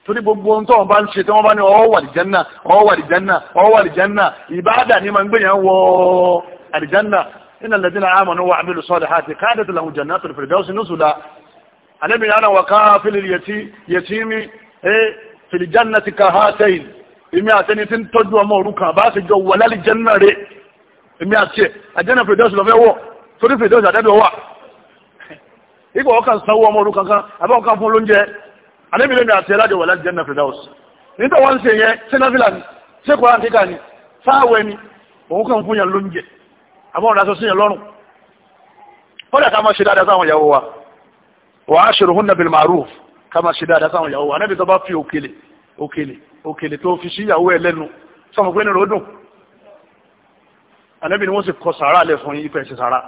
Speaker 1: torí gbogbo ohun tó wọn bá ń ṣe tí wọn bá ní ọwọ́ wà àlìjánná ọwọ́ wà àlìjánná ọwọ́ wà àlìjánná ìbádà ni máa ń gbìyànjú wọ àlìjánná innal ladhina amanu wa amilu salihati kanat lahum jannatul firdawsi nuzula alẹ́bìnrin àwọn wà ká fil yatimi eh, fil jannati kahatayn èmi àtẹni tí ń tọ́jú ọmọ òrukàn bá ṣe jọ wà lálẹ́ jẹ́nà rẹ̀ èmi àti ẹ̀ àjẹ́nà fèdọ́sì lọ́fẹ́ wọ̀ torí fèdọ́sì àdẹ́bẹ̀ wà ipò ọkàn sanwó ọmọ òrukàn kan àbá ọkàn fún lóúnjẹ àdẹ́bẹ̀ lẹ́mi àti ẹ̀lájọ wà lálẹ́ jẹ́nà fèdọ́sì nígbà wọn ṣe yẹn sẹ́nàfìlà ni ṣé kọ́ra kíkà ni sáàwẹ̀ ni òun kàn fún yàn lóúnjẹ àbá ọ̀rọ̀ aṣọ sí yàn lọ́rùn kọ́dà ká máa ṣe dáadáa sáwọn ìyàwó wa wàá ṣèrò hùn nàbìlì màrúf ká máa ṣe dáadáa sáwọn ìyàwó wa anábì tó bá fi òkèlè òkèlè òkèlè tó fi síyàwó ẹ lẹ́nu sọmọ pé nínú ọdún ànábì ni wọ́n sì kọ sàárà lẹ̀ fún yín ìpẹ́ sí sàárà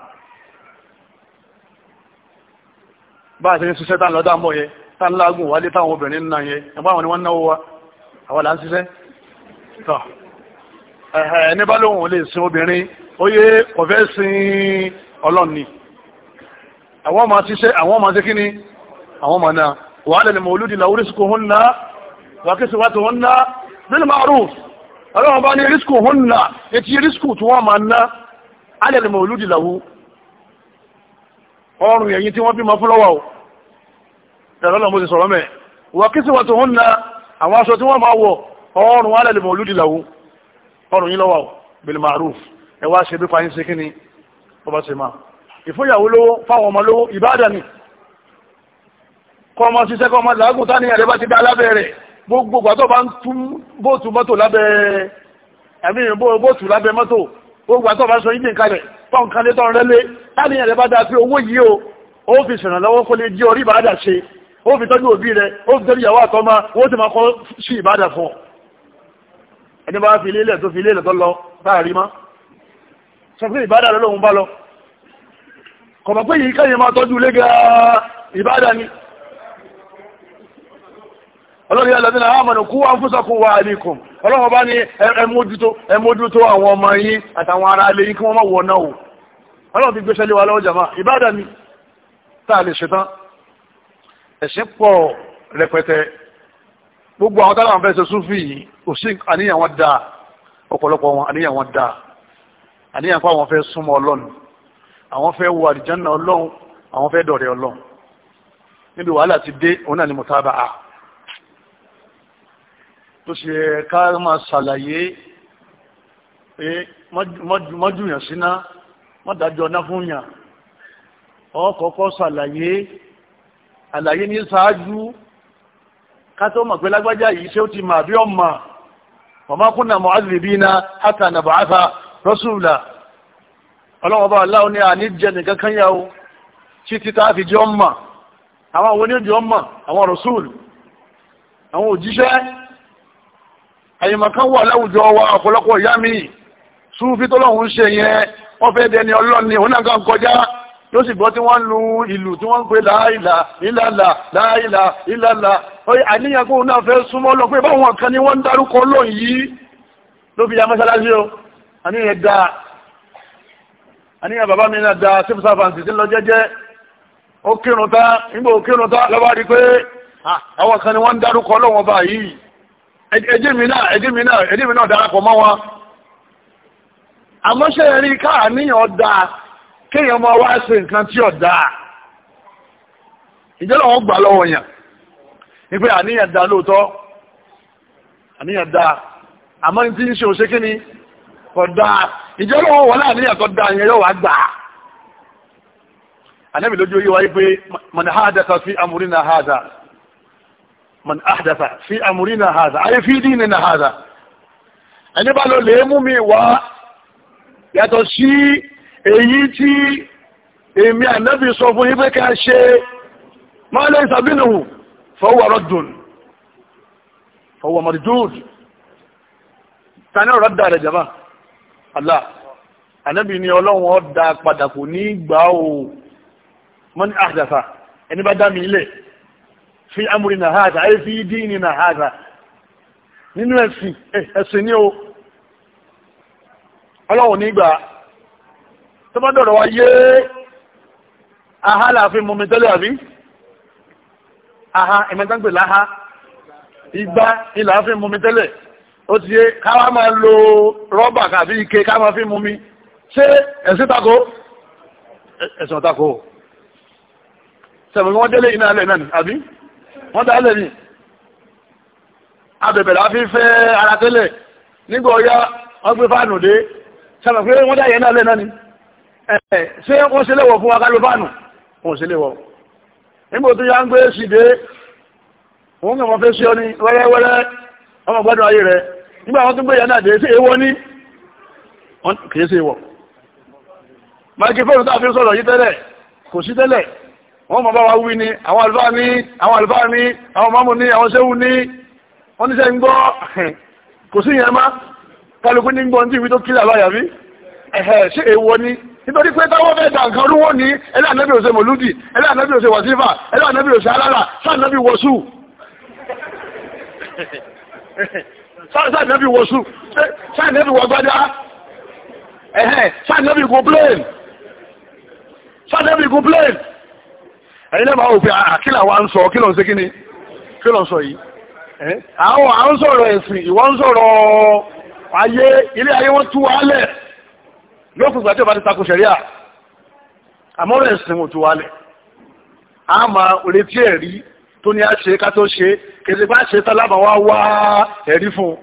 Speaker 1: bá a ti ní ṣiṣẹ́ tá ń lọ́dá mọ́ yẹ tá ń lágùn wálé táwọn obìnrin ń na yẹ àwọn ni wọ́n náwó wa àwọn là ń ṣiṣẹ́ tọ́ ẹ̀hẹ̀ ní bá lóhùn lè sin obìnrin ó yé ọ̀fẹ́ sin ọlọ́ọ̀ni àwọn ọmọ ṣiṣẹ́ àwọn ọmọ ṣe kíni àwọn ọmọ náà wàhálẹ̀ ni mọ̀lúdì làwúrísìkò hún náà wàkísíwátòhúnná nínú ma'ruf ọlọ́wọ́n bá ní rísíkù húnná etí rísíkù tí wọ́n máa ná alẹ́lẹ́ mọ̀lúdì làwú ọrùn ẹ̀yìn tí wọ́n bí máa fúlọ́wọ́ o tẹ̀rọ lọ́mọ ti sọ̀rọ̀ mẹ́ wàkísíwátòhúnná ọmọ lówó ìbádà ni kọ́ ọmọ bá ti dá gbogbo gbàtọ́ bá ń tún bóòtù mọ́tò lábẹ́ ẹ̀mí bóòtù lábẹ́ mọ́tò gbogbo gbàtọ́ bá sọ yín nìkalẹ̀ tọ́n kan lé tọ́n rẹ́lé láti yẹn lè bá dáa pé owó yìí o ó fi sẹ̀ràn lọ́wọ́ kó lè jí orí ìbáradà ṣe ó fi tọ́jú òbí rẹ̀ ó fi tọ́jú ìyàwó àtọ́mọ owó ti máa kọ́ sí ìbáradà fún ọ ẹni bá fi ilé tó fi ilé tó lọ báàrí mọ́ sọ pé ìbáradà lọ́lọ́run bá lọ kọ̀mọ̀ pé yìí kẹ́yìn máa tọ́jú ilé gan ìbáradà ni ọlọ́run yà lọ́dún náà àmọ̀nà kú wá fúnṣọ́kù wà àlékún ọlọ́run bá ní ẹmójútó àwọn ọmọ yín àtàwọn ará ilé yín kí wọ́n mọ̀ náà o ọlọ́run ti gbéṣẹ́ lé wa lọ́wọ́ jàmá ìbádà ni tá a lè ṣetán ẹ̀sìn pọ̀ rẹpẹtẹ gbogbo àwọn táwọn fẹ́ ṣe súnfì yìí kò sí àníyàn wọn dáa ọ̀pọ̀lọpọ̀ wọn àníyàn wọn dáa àníyàn fún àwọn fẹ́ súnmọ́ ọlọ́run àwọn fẹ́ wọ àdìjánná tó sì yẹ ká máa ṣàlàyé pé mọ́júyàn síná mọ́dájọ́ ọ̀nà fún yàn ọkọ̀ọ̀kọ́ ṣàlàyé àlàyé ní ṣáájú ká tó mọ̀ pé lágbájá yìí ṣé ó ti mà bí ọmọ ọmọ kúnnà mu'adhibina hatta nab'atha rasula ọlọ́wọ́ bá aláwọ̀ ní àníjẹ nìkan kan yà ó títí tá a fi jẹ́ ọmọ àwọn àwọn oníjẹ́ ọmọ àwọn rọ̀súùlù àwọn òjíṣẹ́ àyèmọ̀kan wà láwùjọ wa ọ̀pọ̀lọpọ̀ ìyá mi súnfí tó lọ́hùn ń ṣe yẹn wọ́n fẹ́ dẹni ọlọ́ni òun náà kan kọjá ló sì gbọ́ tí wọ́n lu ìlú tí wọ́n ń pè láìlà ìlàlà láìlà ìlàlà àníyàn kóun náà fẹ́ súnmọ́ lọ pé báwọn kan ni wọ́n ń darúkọ lóhùn yìí ló fi ya mọ́sálásí o àníyàn dáa àníyàn bàbá mi náà dáa sífù sáfàǹsì sí lọ jẹ́jẹ́ ó kírun tá nígbà ó kírun tá lọ́wọ́ rí pé ah, àwọn kan ni wọ́n ń darúkọ lóhùn ọba ẹjẹ́ mi náà ẹjẹ́ mi náà ẹjẹ́ mi náà darapọ̀ mọ́ wọn àmọ́ rí káà níyàn ọ̀dà kéèyàn máa wá ṣe nǹkan tí ọ̀dà ìjọ́lọ̀ wọn gbà lọ́wọ́ yàn ní pé àníyàn da lóòótọ́ àníyàn da àmọ́ ní tí ń ṣe òṣèké ni kódà ìjọ́lọ̀ wọn wọlé àníyàn tó daa. yẹn yóò wá gbà á lójú yíwáyé pé mọ̀nà háàdà kan sí من ahdatha في amrina هذا. أي في dinina هذا. ẹni bá lọ lè mú mi wá yàtọ̀ sí èyí tí èmi ànábì sọ fún yín pé ká ṣe ma laysa minhu fahuwa raddun fahuwa mardud tani ọ̀rọ̀ dà rẹ̀ jama Allah ànábì ni ọlọ́run ọ̀dà padà kò ní gbà ó man ahdatha ẹni bá dá mi ilẹ̀ fi amúrinà hàdà ayé fi dínì nà hàdà nínú ẹ̀sìn eh, ẹ̀sìn ní o ọlọ́run nígbà tó bá dọ̀rọ̀ wa yé aha láàfin mọ̀mí tẹ́lẹ̀ àbí aha ìmẹ́tàǹgbè láha igbá ìlàáfin mọ̀mí tẹ́lẹ̀ ó ti yé káwá máa lo rọ́bà kàbí ike káwá fi mọ̀mí ṣé ẹ̀sìn tako ẹ̀sìn tako sẹ̀mọ̀ wọ́n délé iná alẹ́ náà àbí wọ́n dá lẹ́ni abẹ̀bẹ̀ láfi fẹ́ ara tẹ́lẹ̀ nígbà ọ̀yá wọ́n dé sábà pé wọ́n dá yẹ náà lẹ́nà ni ẹ̀ ṣé wọ́n ṣe léwọ̀ fún wa ká ló ṣe léwọ̀ nígbà tó yá ń gbé dé wọ́n fẹ́ sí ọ ní wẹ́rẹ́wẹ́rẹ́ ọmọ gbọ́dọ̀ ayé nígbà wọ́n gbé yẹn náà dé sí ewọ́ ní wọ́n mọ̀ bá wa wí ni àwọn àlùfáà ní àwọn àlùfáà ní àwọn mọ́mù ní àwọn sẹ́wù ní wọ́n níṣẹ́ ń gbọ́ *laughs* kò sí ìyẹn má kálukú ní gbọ́n tí ìwé tó kílà láyà bí ẹ̀hẹ̀ ṣé èèwọ̀ ni nítorí pé táwọn fẹ́ dà nǹkan ọdún ní ẹlẹ́ ànábì òṣè mọ̀lúdì ẹlẹ́ ànábì òṣè wàsífà ẹlẹ́ ànábì òṣè alára sáànábì wọ̀ṣù sáànábì *laughs* wọ̀ṣù sáànábì wọ̀gbádá ẹ̀yin náà máa wò pé àkílà ah, wa ń sọ kí ló ń ṣe kí ni kí ló ń sọ yìí àwọn à ń sọ̀rọ̀ ẹ̀sìn ìwọ ń sọ̀rọ̀ ayé ilé ayé wọn tú wálẹ̀ lókùn ìgbà tí ó bá ti takò sẹ̀ríà àmọ́rọ̀ ẹ̀sìn ò tú wálẹ̀ a máa